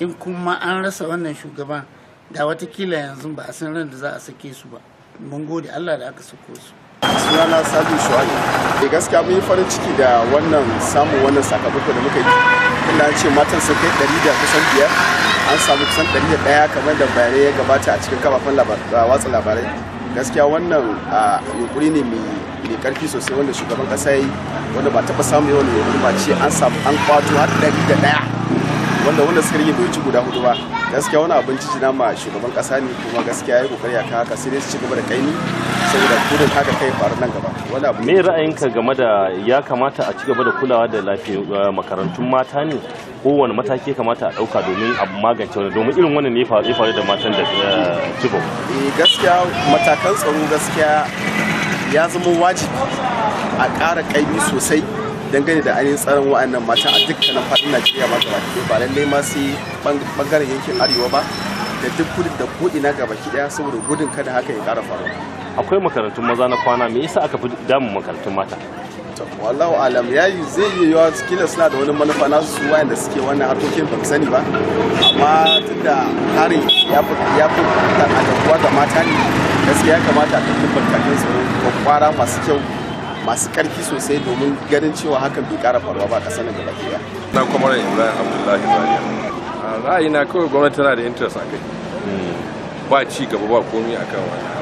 in kuma an rasa wannan shugaban da watakila yanzu ba a san ran da za a sake su ba mun gode allah da aka sako su sunana sabi shuwaye eh, da gaskiya mun yi farin ciki da wannan samun wannan sakamako da muka yi kuma an ce matan sun kai ɗari da kusan biyar an samu kusan ɗari da ɗaya kamar da bayanai ya gabata a cikin kafafen watsa labarai gaskiya wannan ah, yunkuri ne mai mai karfi sosai wanda shugaban kasa yi wanda ba taɓa samun yawan yawan ba ce an samu an kwato har ɗari da ɗaya wanda wanda suka rage bai ci guda hudu ba gaskiya wani abin ci ma shugaban kasa ne kuma gaskiya ya yi kokari akan haka sai dai su ci gaba da kaini saboda kudin haka kai faru nan gaba wani abu me ra'ayinka game da ya kamata a ci gaba da kulawa da lafiyar eh, makarantun mata ne kowane mataki kamata a ɗauka domin a magance wani domin irin wannan ne ya faru da matan da eh, cibo eh, gaskiya matakan tsaro gaskiya ya zama wajibi a ƙara ƙaimi sosai dangane da ainihin tsarin wa'annan mata a dukkanin faɗin najeriya ma gaba ɗaya ba lallai ma sai ɓangaren yankin arewa ba da duk kudin da ko'ina gaba ɗaya saboda gudun kada haka ya ƙara faruwa akwai makarantun maza na kwana me yasa aka fi damun makarantun mata wallahu alam ya yi zai yi yawa kila suna da wani manufa na su wayanda suke wannan harkokin ba sani ba amma da harin ya fi ya fi tantakuwa ga mata ne gaskiya ya kamata a kalli barkatun tsaro kwara masu kyau masu karfi sosai domin ganin cewa hakan bai kara faruwa ba ka sanin gaba ɗaya. na kuma kwamar ibrahim abdullahi ra'ayi na kawai gwamnati tana da interest a kai hmm. ba ci gaba ba komi akan wani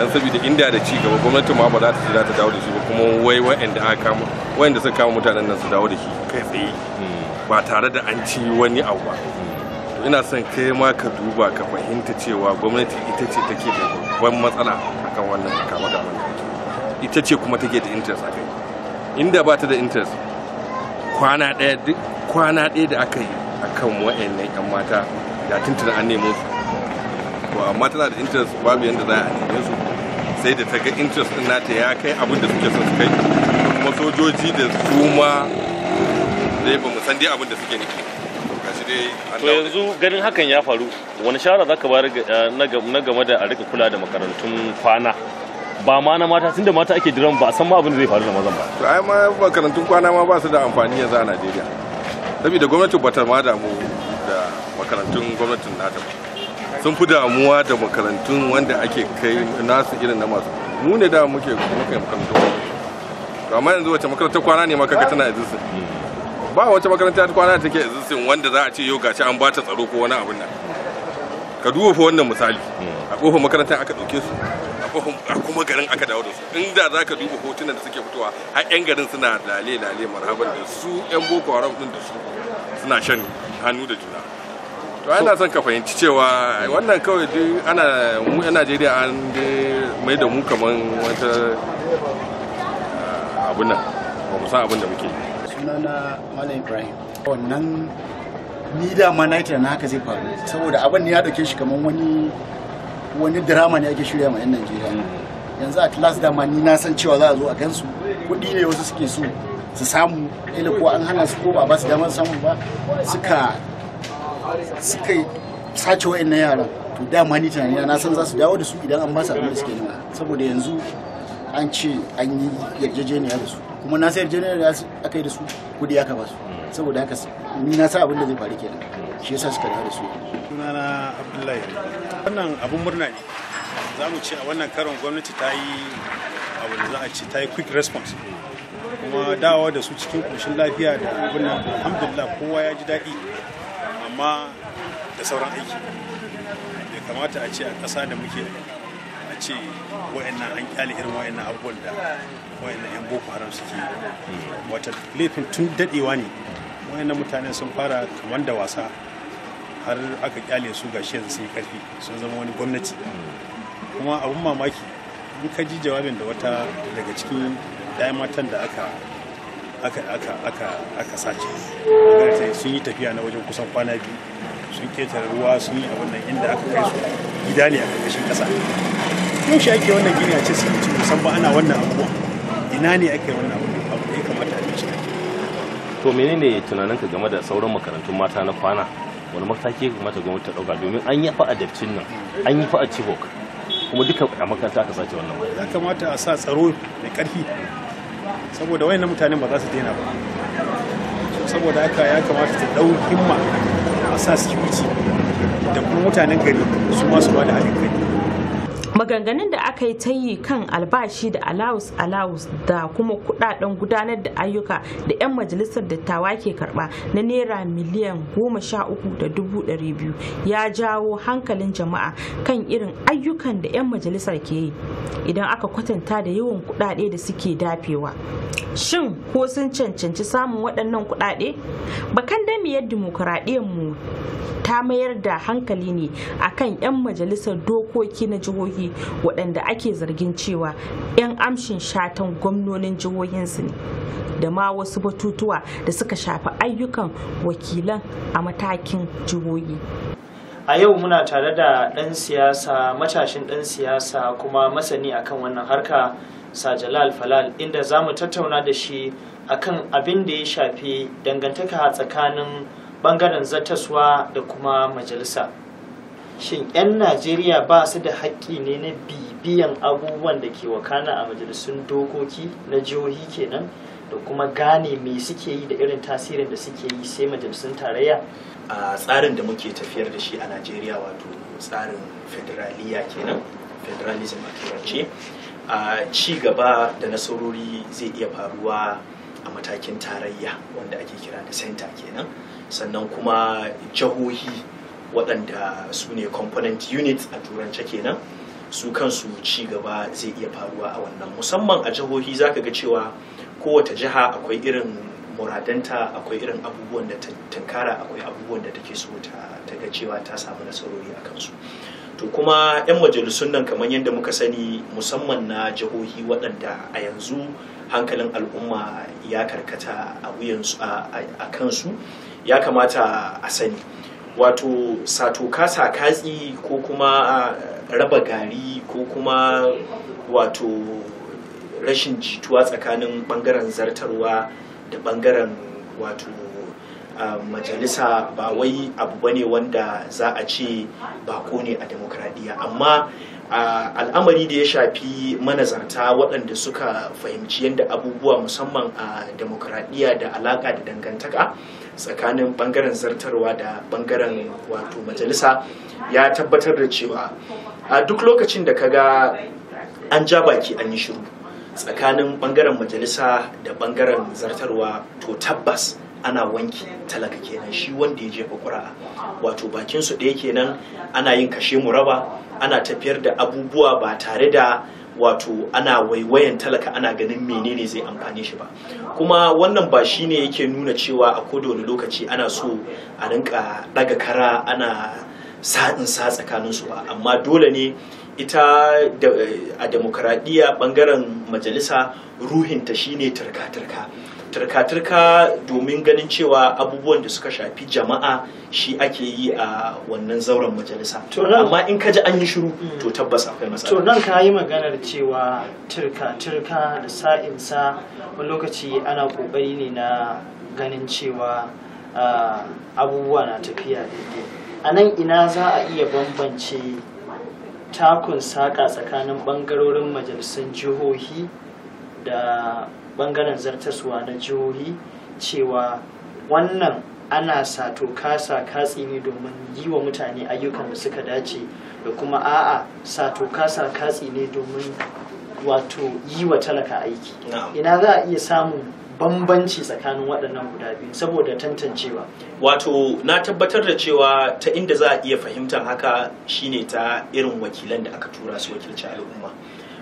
dan saboda inda da ci gaba gwamnati ma ba za ta ce za ta dawo da shi ba kuma wai wa'anda aka kama wa'anda suka kama mutanen nan su dawo da shi kai tsaye ba tare da an ci wani abu ba ina son kai ma ka duba ka fahimta cewa gwamnati ita ce take da babban matsala akan wannan kama da ita ce kuma take da interest akai inda ba ta da interest kwana ɗaya kwana ɗaya da aka yi akan wa'annan yan mata da tuntuna an nemo su to amma tana da interest babu yadda za a neme su sai da ta ga interest din nata ya kai abin da suke son su kai kuma sojoji da su ma dai ba mu san dai abin da suke nufi to yanzu ganin hakan ya faru wani shawara ka bayar eh, na game da a rika kula da makarantun kwana ba ma na mata tunda mata ake diran ba a san ma abin da zai faru da mazan ba to ai ma makarantun kwana ma ba su da amfani yanzu a Najeriya saboda gwamnati bata ma damu da makarantun gwamnatin nata ba sun fi damuwa da makarantun wanda ake kai nasu irin na masu mu ne da muke makarantun makarantu amma yanzu wace makarantar kwana ne makaga tana existing ba wace makaranta ta kwana take existing wanda za a ce yau gashi an bata tsaro ko wani abin nan ka duba fa wannan misali a kofar makarantar aka dauke su a kuma garin aka dawo da su inda za ka duba hotunan da suke fitowa har yan garin suna lale lale marhaban da su yan boko haram din da su suna shan hannu da juna to ana son ka fahimci cewa wannan kawai duk ana mu yan najeriya an mai da mu kaman wata ah, abun nan ba mu san abin da muke sunana malam ibrahim wannan ni da ma na na haka zai faru saboda abin ya dauke shi kamar wani wani drama ne ake shirya ma yan najeriya yanzu at last dama ni na san cewa za a zo a gansu kudi ne wasu suke so su samu ila ko an hana su ko ba ba su damar samu ba suka suka sace na yara to dama ni tunani na san za su dawo da su idan an ba su abin da suke nema saboda yanzu an ce an yi yarjejeniya da su kuma na sai yarjejeniya da aka yi da su kudi aka ba su saboda haka ni na san abin da zai faru kenan shi yasa suka dawo da su sunana abdullahi wannan abun murna ne za mu ce a wannan karon gwamnati ta yi abu da za a ce ta yi quick response kuma dawo da su cikin koshin lafiya da abin nan alhamdulillah kowa ya ji daɗi amma da sauran aiki bai kamata a ce a ƙasa da muke a ce wa'annan an kyale irin wa'annan abubuwan da yan boko haram suke wata laifin tun dadewa ne wa'annan mutane sun fara kamar da wasa har aka kyale su ga yanzu sai karfi sun zama wani gwamnati kuma abun mamaki in ka ji jawabin da wata daga cikin matan da aka aka aka aka aka sace sun yi tafiya na wajen kusan kwana biyu sun ketare ruwa sun yi a wannan inda aka kai su gida ne a ƙarƙashin ƙasa yau shi ake wannan gini a ce sun ci musamman ana wannan abubuwa ina ne ake wannan abu abu da ya kamata a ci to menene tunaninka game da sauran makarantun mata na kwana wani mataki ya kamata gwamnati ta dauka domin an yi fa a dabcin nan an yi fa a kuma duka a makaranta aka sace wannan ya kamata a sa tsaro mai ƙarfi saboda wayannan mutanen ba za su daina ba saboda haka ya kamata ta dau himma a sa security da kuma mutanen gari su ma su ba da haɗin kai maganganun da aka yi ta yi kan albashi da alawus alawus da kuma kudaden gudanar da ayyuka da 'yan majalisar dattawa ke karba na naira miliyan goma sha uku da dubu ɗari biyu ya jawo hankalin jama'a kan irin ayyukan da 'yan majalisar ke yi idan aka kwatanta da yawan kudade da suke dafewa shin ko sun cancanci samun waɗannan kudade bakan damiyar yadda mu ta mayar da hankali ne a kan 'yan majalisar dokoki na jihohi waɗanda ake zargin cewa 'yan amshin shatan gwamnonin jihohinsu ne da ma wasu batutuwa da suka shafi ayyukan wakilan a matakin jihohi. a yau muna tare da ɗan siyasa matashin ɗan siyasa kuma masani akan wannan harka jalal falal inda za mu tattauna da shi akan abin da ya shafi dangantaka tsakanin bangaren zataswa da kuma majalisa shin 'yan najeriya ba su da haƙƙi ne na bibiyan abubuwan da ke wakana a majalisun dokoki na jihohi kenan da kuma gane me suke yi da irin tasirin da suke yi sai majalisun tarayya a tsarin da muke tafiyar da shi a najeriya wato tsarin federaliya kenan federalism a turance a ci gaba da nasarori zai iya faruwa a matakin tarayya wanda ake kira da center kenan sannan kuma jihohi waɗanda su ne component unit a turance kenan su kansu ci gaba zai iya faruwa a wannan musamman a jihohi zaka ga cewa kowace jiha akwai irin muradanta akwai irin abubuwan da tankara akwai abubuwan da take so ta ga cewa ta samu nasarori a kansu to kuma 'yan majalisun nan kamar yadda muka sani musamman na jihohi waɗanda a yanzu hankalin al'umma ya karkata a kansu ya kamata a sani wato sato kasa katsi ko kuma raba gari ko kuma wato rashin jituwa tsakanin bangaren zartarwa da bangaren wato majalisa ba wai abu bane wanda za a ce bako ne a demokradiyya amma Uh, al'amari da ya shafi manazarta waɗanda suka fahimci yadda abubuwa musamman a uh, demokradiyya da alaƙa da dangantaka tsakanin bangaren zartarwa da bangaren wato majalisa ya tabbatar da cewa a duk lokacin da kaga an ja baki an yi shiru tsakanin bangaren majalisa da bangaren zartarwa to tabbas ana wanki talaka kenan shi wanda ya jefa ƙura'a wato bakin su ɗaya kenan ana yin kashe mu raba ana tafiyar da abubuwa ba tare da wato ana waiwayan talaka ana ganin menene zai amfane shi ba kuma wannan ba shi ne yake nuna cewa a wani lokaci ana so a rinka daga kara ana sa'in sa tsakaninsu ba amma dole ne ita a demokradiyya bangaren majalisa ruhinta shine turka-turka turka-turka domin ganin cewa abubuwan da suka shafi jama'a shi ake yi a wannan zauren majalisa amma in ka ji an yi shiru mm. to tabbas akwai matsala to nan ka yi maganar cewa turka-turka da sa'insa wani lokaci ana kokari ne na ganin cewa ah, abubuwa na tafiya daidai a nan ina za a iya bambance takun saƙa tsakanin ɓangarorin majalisun jihohi da ɓangaren zartaswa na jihohi cewa wannan ana sato kasa katsi ne domin yi wa mutane ayyukan da suka dace da kuma a'a sato kasa katsi ne domin wato yi wa talaka aiki ina za a iya samun bambanci tsakanin waɗannan guda biyu saboda tantancewa wato na tabbatar da cewa ta inda za a iya fahimtar haka shine ta irin wakilan da aka tura su wakilci al'umma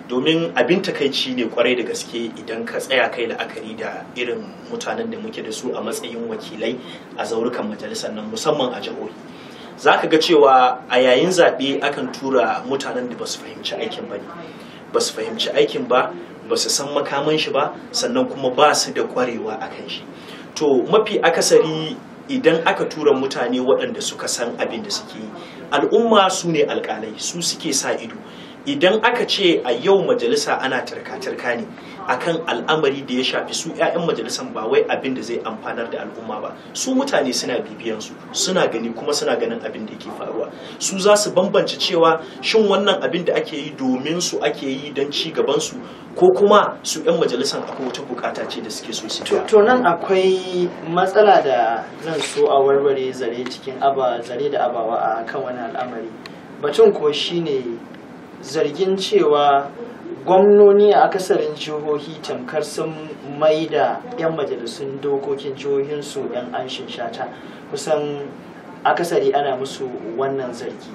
domin abin takaici ne kwarai da gaske idan ka tsaya kai la'akari da irin mutanen da muke da su a matsayin wakilai a zaurukan majalisar nan musamman a jihohi za ka ga cewa a yayin zaɓe akan tura mutanen da ba su fahimci aikin ba ne ba su fahimci aikin ba ba su san makaman shi ba sannan kuma ba su da kwarewa a kan shi to mafi akasari idan aka tura mutane waɗanda suka san abin da suke yi al'umma su ne alƙalai su suke sa ido idan aka ce a yau majalisa ana tarka tarka ne akan al'amari da ya shafi su 'ya'yan majalisar ba wai abin da zai amfanar da al'umma ba su mutane suna bibiyan su suna gani kuma suna ganin abin da yake faruwa su za su bambance cewa shin wannan abin da ake yi domin su ake yi don ci gaban su ko kuma su 'yan majalisar akwai wata bukata ce da suke so su to nan akwai matsala da nan so a warware zare cikin aba zare da abawa a kan wani al'amari batun ko shine zargin cewa gwamnoni a akasarin jihohi tamkar sun mai da 'yan majalisun dokokin jihohinsu 'yan anshin shata kusan akasari ana musu wannan zargi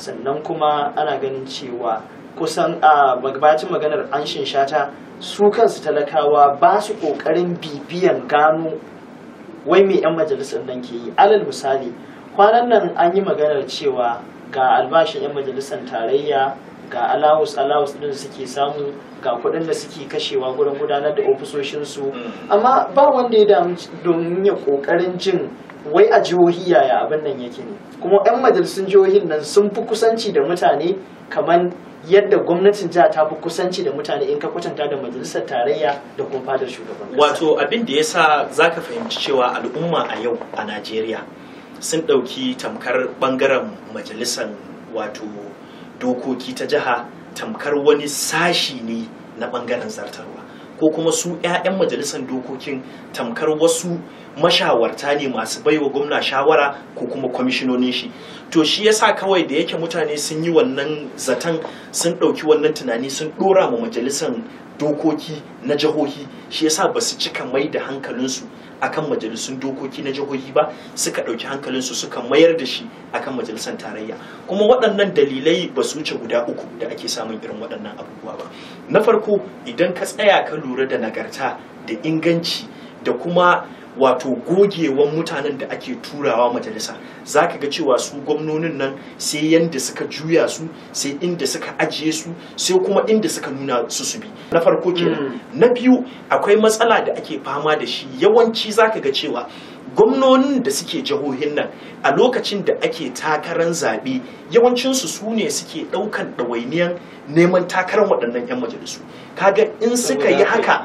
sannan kuma ana ganin cewa kusan a magabacin maganar anshin shata su kansu talakawa ba su kokarin bibiyan gano wai mai 'yan majalisar nan ke yi alal misali kwanan nan an yi maganar cewa ga albashin 'yan majalisar tarayya ga allowance allowance din suke samu ga kuɗin da suke kashewa gurin gudanar da ofisoshin su mm. amma ba wanda ya damu domin ya kokarin jin wai a jihohi yaya abin nan yake ne kuma 'yan majalisun jihohin nan sun fi kusanci da mutane kamar yadda gwamnatin jiha ta fi kusanci da mutane in ka kwatanta da majalisar tarayya da kuma fadar shugaban wato abin da yasa sa za ka fahimci cewa al'umma a yau a najeriya sun ɗauki tamkar ɓangaren majalisar wato dokoki ta jiha tamkar wani sashi ne na bangaren zartarwa ko kuma su 'ya'yan majalisar dokokin tamkar wasu mashawarta ne masu baiwa gwamna shawara ko kuma kwamishinonin shi to shi yasa kawai da yake mutane sun yi wannan zaton sun ɗauki wannan tunani sun ɗora ma majalisar dokoki na jihohi shi yasa ba su cika mai da hankalinsu akan majalisun dokoki na jihohi ba suka ɗauki hankalinsu suka mayar da shi akan majalisar tarayya kuma waɗannan dalilai ba su wuce guda uku da ake samun irin waɗannan abubuwa ba na farko idan ka tsaya ka lura da nagarta da inganci da kuma wato gogewan mutanen da ake turawa majalisa za ka ga cewa su gwamnonin nan sai yadda suka juya su sai inda suka ajiye su sai kuma inda suka nuna su su bi na farko kenan mm. na biyu akwai matsala da ake fama da shi yawanci za ka ga cewa gwamnonin da suke jihohin nan a lokacin da ake takarar zaɓe yawancinsu su ne suke ɗaukan ɗawainiyan neman takarar waɗannan 'yan majalisu kaga in suka yi haka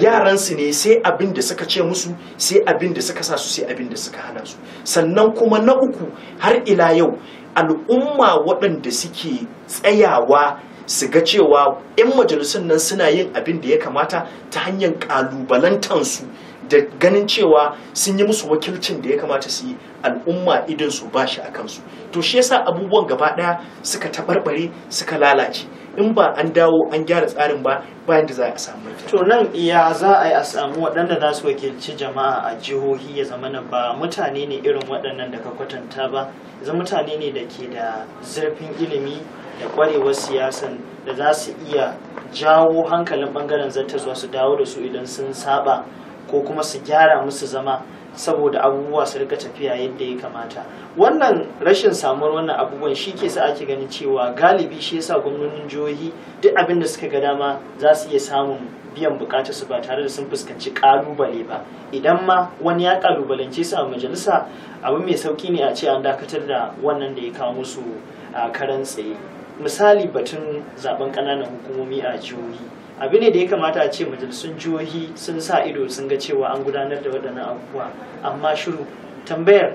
yaransu ne sai abin da suka ce musu sai abin da suka sa su sai abin da suka hana su sannan kuma na uku har ila yau al'umma waɗanda suke tsayawa su ga cewa 'yan majalisun nan suna yin abin da ya kamata ta hanyar ƙalubalantansu da ganin cewa sun yi musu wakilcin da ya kamata su yi al'umma idan su ba shi a kansu to shi yasa abubuwan gaba ɗaya suka taɓarɓare suka lalace in ba an dawo an gyara tsarin ba bayan da za a samu to nan ya za a yi a samu waɗanda za su wakilci jama'a a jihohi ya zama ba mutane ne irin waɗannan da ka kwatanta ba zama mutane ne da ke da zurfin ilimi da kwarewar siyasan da za su iya jawo hankalin ɓangaren zata zuwa su dawo da su idan sun saba ko kuma su gyara musu zama saboda abubuwa su rika tafiya yadda ya kamata wannan rashin samuwar wannan abubuwan shi ke sa ake ganin cewa galibi shi yasa gwamnonin jihohi duk abin da suka ga dama za su iya samun biyan bukatar su ba tare da sun fuskanci kalubale ba idan ma wani ya kalubalance su a majalisa abu mai sauki ne a ce an dakatar da wannan da ya kawo musu karan tsaye misali batun zaben ƙananan hukumomi a jihohi abu ne da ya kamata a ce majalisun jihohi sun sa ido sun ga cewa an gudanar da waɗannan abubuwa amma shiru tambayar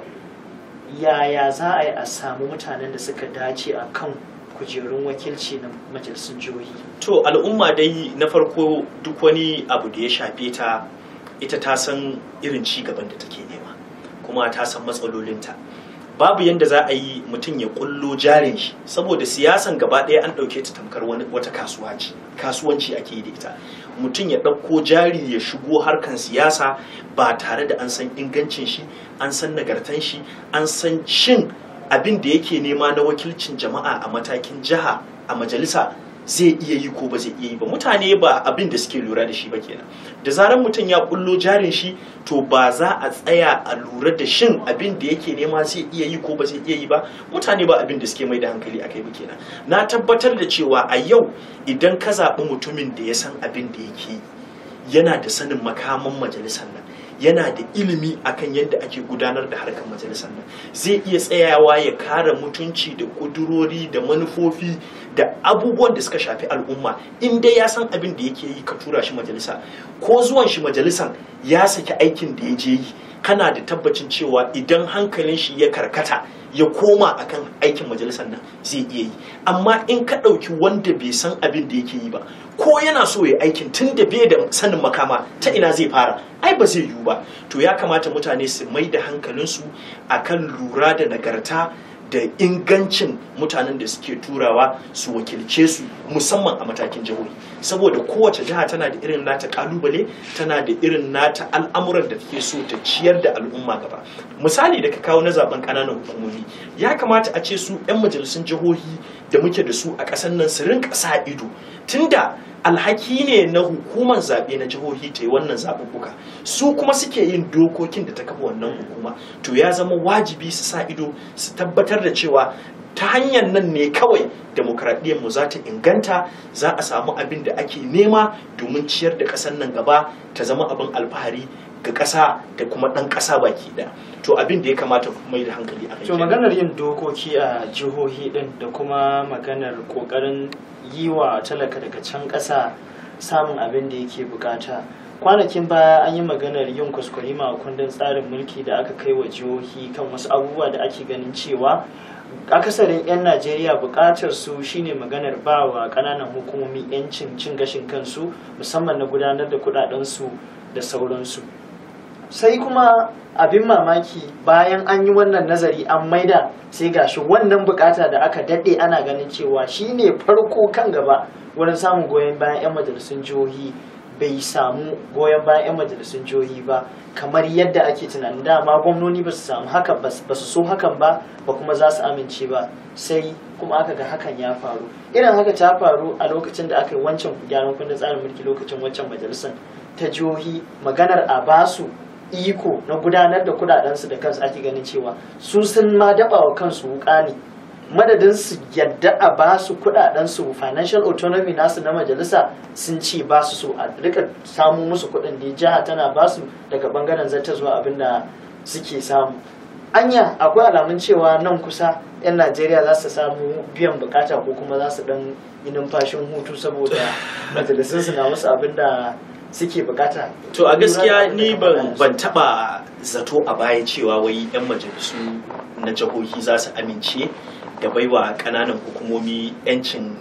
yaya za a yi a samu mutanen da suka dace a kan kujerun wakilci na majalisun jihohi to al'umma dai na farko duk wani abu da ya shafe ta ita ta san irin ci gaban da take nema kuma ta san matsalolinta babu yadda za a yi mutum ya kullo jarin shi saboda siyasan gaba ɗaya an ɗauke ta tamkar wata kasuwanci kasuwanci ake yi da ita mutum ya ɗauko jari ya shigo harkan siyasa ba tare da an san ingancin shi an san nagartan shi an san shin abin da yake nema na wakilcin jama'a a matakin jiha a majalisa zai iya yi ko ba zai iya yi ba mutane ba abin da suke lura da shi ba kenan da zarar mutum ya kullo jarin shi to ba za a tsaya a lura da shin abin da yake nema zai iya yi ko ba zai iya yi ba mutane ba abin da suke mai da hankali akai ba kenan na tabbatar da cewa a yau idan ka zaɓi mutumin da ya san abin da yake yana da sanin makaman majalisar nan yana da ilimi akan yadda ake gudanar da harkar majalisar nan zai iya tsayawa ya kare mutunci da kudurori da manufofi da abubuwan da suka shafi al'umma in dai ya san abin da yake yi ka tura shi majalisa ko zuwan shi majalisan ya saki aikin da ya je yi kana da tabbacin cewa idan hankalin shi ya karkata ya koma akan aikin majalisar nan zai iya yi amma in ka ɗauki wanda bai san abin da yake yi ba ko yana so ya aikin tun da bai da sanin makama ta ina zai fara ai ba zai yiwu ba to ya kamata mutane su mai da hankalinsu akan lura da nagarta da ingancin mutanen da suke turawa su wakilce su musamman a matakin jihohi saboda kowace jiha tana da irin nata kalubale tana da irin nata al'amuran da take so ta ciyar da al'umma gaba misali da ka kawo na zaben kananan hukumomi ya kamata a ce su 'yan majalisun jihohi da muke da su a ƙasar nan su rinka sa ido tunda alhaki ne na hukumar zaɓe na jihohi ta yi wannan zaɓuɓɓuka su kuma suke yin dokokin da ta kafa wannan hukuma to ya zama wajibi su sa ido su tabbatar da cewa ta hanyar nan ne kawai demokradiyyar mu za ta inganta za a samu abin da ake nema domin ciyar da ƙasar nan gaba ta zama abin alfahari ga ƙasa da kuma ɗan ƙasa baki da to abin da ya kamata mai da hankali a to maganar yin dokoki a jihohi ɗin da kuma maganar ƙoƙarin yi wa talaka daga can ƙasa samun abin da yake bukata kwanakin baya an yi maganar yin kuskure ma kundin tsarin mulki da aka kai wa jihohi kan wasu abubuwa da ake ganin cewa akasarin 'yan najeriya bukatar su shine maganar ba wa kananan hukumomi 'yancin cin gashin kansu musamman na gudanar da kudaden su da sauransu sai kuma abin mamaki bayan an yi wannan nazari an maida sai gashi wannan bukata da aka daɗe ana ganin cewa shine farko kan gaba wurin samun goyon bayan 'yan majalisun jihohi bai samu goyon bayan 'yan majalisun jihohi ba kamar yadda ake tunanin dama gwamnoni ba su samu hakan ba su so hakan ba ba kuma za su amince ba sai kuma aka ga hakan ya faru irin haka ta faru a lokacin da aka yi wancan gyaran kundin tsarin mulki lokacin wancan majalisar ta jihohi maganar a basu iko na gudanar da kudadensu da kansu ake ganin cewa su sun ma daba wa kansu wuka ne madadin su yadda a ba su kudadensu financial autonomy nasu na majalisa sun ce ba su so a rika samu musu kudin da jiha tana ba su daga bangaren zata zuwa abin da suke samu anya akwai alamun cewa nan kusa 'yan najeriya za su samu biyan bukata ko kuma za su dan yi numfashin hutu saboda su na musu abin da suke bukata to a gaskiya ni ban taba zato a baya cewa wai 'yan majalisu na jihohi za su amince da baiwa kananan hukumomi 'yancin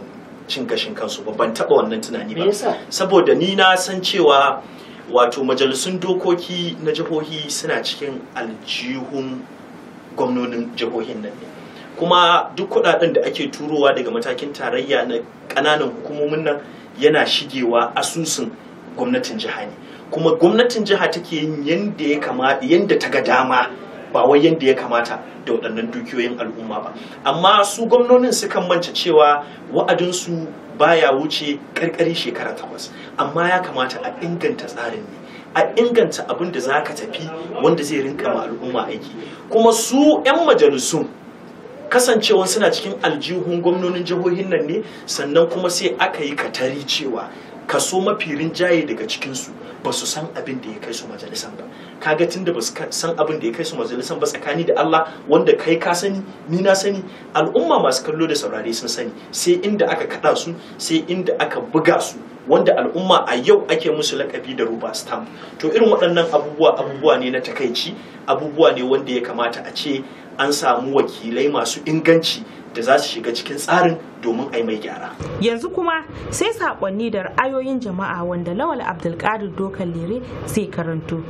cin gashin kansu ba ban taba wannan tunani ba saboda ni na san cewa wato majalisun dokoki na jihohi suna cikin aljihun gwamnonin jihohin nan kuma duk kuɗaɗen da ake turowa daga matakin tarayya na kananan hukumomin nan yana shigewa asusun gwamnatin jiha ne kuma gwamnatin jiha take yin yadda ya kamata yadda ta ga dama ba wai yadda ya kamata da waɗannan dukiyoyin al'umma ba amma su gwamnonin sukan manta cewa wa'adinsu baya wuce ƙarƙari shekara takwas amma ya kamata a inganta tsarin ne a inganta abin da za ka tafi wanda zai rinka ma al'umma aiki kuma su 'yan majalisun kasancewa suna cikin aljihun gwamnonin jihohin nan ne sannan kuma sai aka yi katari cewa kaso mafi rinjaye daga cikinsu ba su san abin da ya kai su majalisan ba kaga tunda ba su san abin da ya kai su majalisan ba tsakani da Allah wanda kai ka sani ni na sani al'umma masu kallo da saurare sun sani sai inda aka kada su sai inda aka buga su wanda al'umma a yau ake musu lakabi da ruba stamp to irin waɗannan abubuwa abubuwa ne na takaici abubuwa ne wanda ya kamata a ce an samu wakilai masu inganci da za su shiga cikin tsarin domin a yi mai gyara. Yanzu kuma sai saƙonni da ra'ayoyin jama'a wanda Lawal Abdulkadir Dokan Lere sai karanto.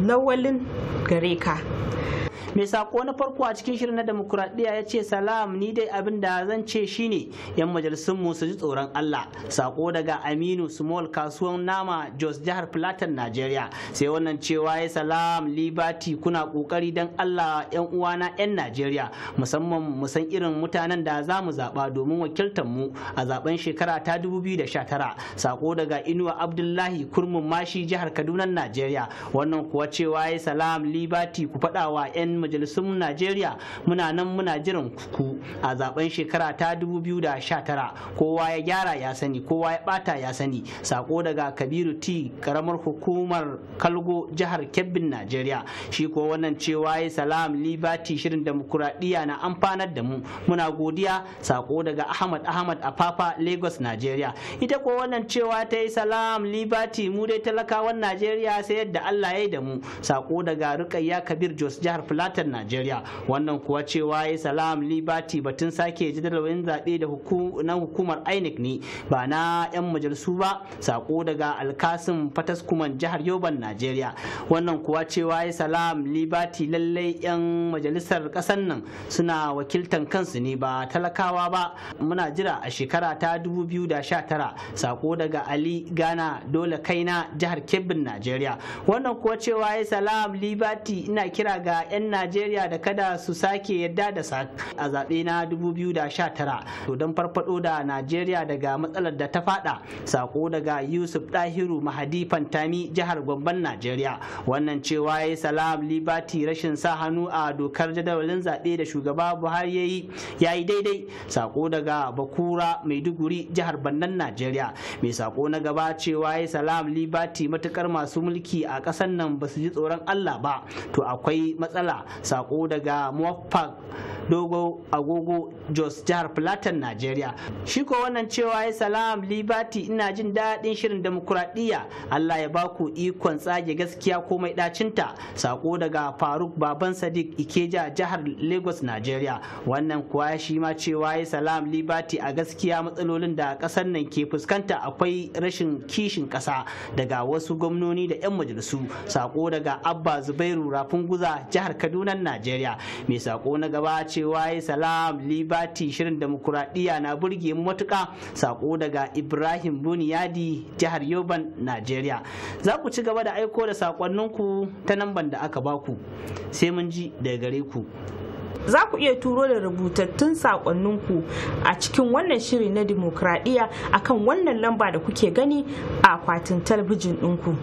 Lawalin gare ka. mai sako na farko a cikin shirin na demokuraɗiyya ya ce salam ni dai abin da zan ce shine yan majalisunmu su ji tsoron allah sako daga aminu small kasuwan nama jos jihar plateau nigeria sai wannan cewa ya salam liberty kuna kokari don allah yan uwana yan nigeria musamman mu san irin mutanen da za mu zaɓa domin wakiltar mu a zaben shekara ta da 2019 sako daga inuwa abdullahi kurmin mashi jihar kaduna nigeria wannan kuwa cewa ya salam liberty ku faɗawa yan majalisun najeriya muna nan muna jiran ku a zaben shekara ta 2019 kowa ya gyara ya sani kowa ya bata ya sani sako daga kabiru t karamar hukumar kalgo jihar kebbin najeriya shi ko wannan cewa ya salam liberty shirin demokuraɗiyya na amfanar da mu muna godiya sako daga ahmad ahmad a papa lagos najeriya ita ko wannan cewa ta yi salam liberty mu dai talakawan najeriya sai yadda allah ya yi da mu sako daga rukayya kabir jos jihar Fulani. fatan najeriya wannan kuwa cewa ya salam liberty batun sake jadawalin zaɓe da na hukumar inec ne ba na 'yan majalisu ba sako daga alkasin fataskuman jihar yoban najeriya wannan kuwa cewa ya salam liberty lallai 'yan majalisar ƙasar nan suna wakiltan kansu ne ba talakawa ba muna jira a shekara ta 2019 sako daga ali ghana dole kaina jihar kebbin najeriya wannan kuwa cewa ya salam liberty ina kira ga 'yan najeriya da kada su sake yadda da a zaɓe na 2019 to don farfado da najeriya daga matsalar da ta fada sako daga yusuf dahiru mahadi fantami jihar gwamban najeriya wannan cewa ya salam liberty rashin sa hannu a dokar jadawalin zaɓe da shugaba buhari yayi yayi daidai sako daga bakura maiduguri jihar bannan najeriya mai sako na gaba cewa ya salam liberty matukar masu mulki a ƙasar nan ba su ji tsoron allah ba to akwai matsala sako daga muwaffaq dogo agogo jos jihar Platan, Nigeria, shi ko wannan cewa ya salam liberty ina jin daɗin shirin demokuraɗiyya allah ya baku ikon tsage gaskiya ko mai ɗacinta sako daga faruk baban sadiq ikeja jihar lagos Nigeria, wannan kuwa shi ma cewa ya salam liberty a gaskiya matsalolin da ƙasar nan ke fuskanta akwai rashin kishin ƙasa daga wasu gwamnoni da 'yan majalisu sako daga abba zubairu rafin guza jihar kaduna kadunan najeriya mai sako na gaba cewa ya salam liberty shirin demokuraɗiyya na burge matuka sako daga ibrahim buniyadi jihar yoban najeriya za ku ci gaba da aiko da sakonninku ta namban da aka baku sai mun ji daga gare ku za ku iya turo da rubutattun sakonninku a cikin wannan shiri na dimokuraɗiyya akan wannan lamba da kuke gani a akwatin talabijin ɗinku.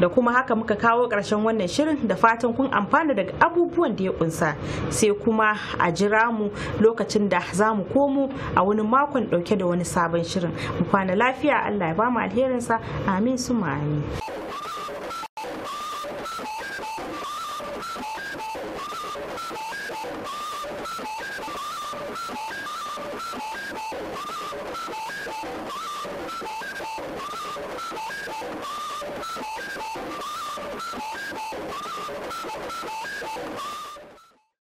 da kuma haka muka kawo ƙarshen wannan shirin da fatan kun amfana daga abubuwan da ya kunsa sai kuma a jira mu lokacin da za mu komo a wani makon ɗauke da wani sabon shirin mu kwana lafiya allah ya ba mu alherinsa amin su amin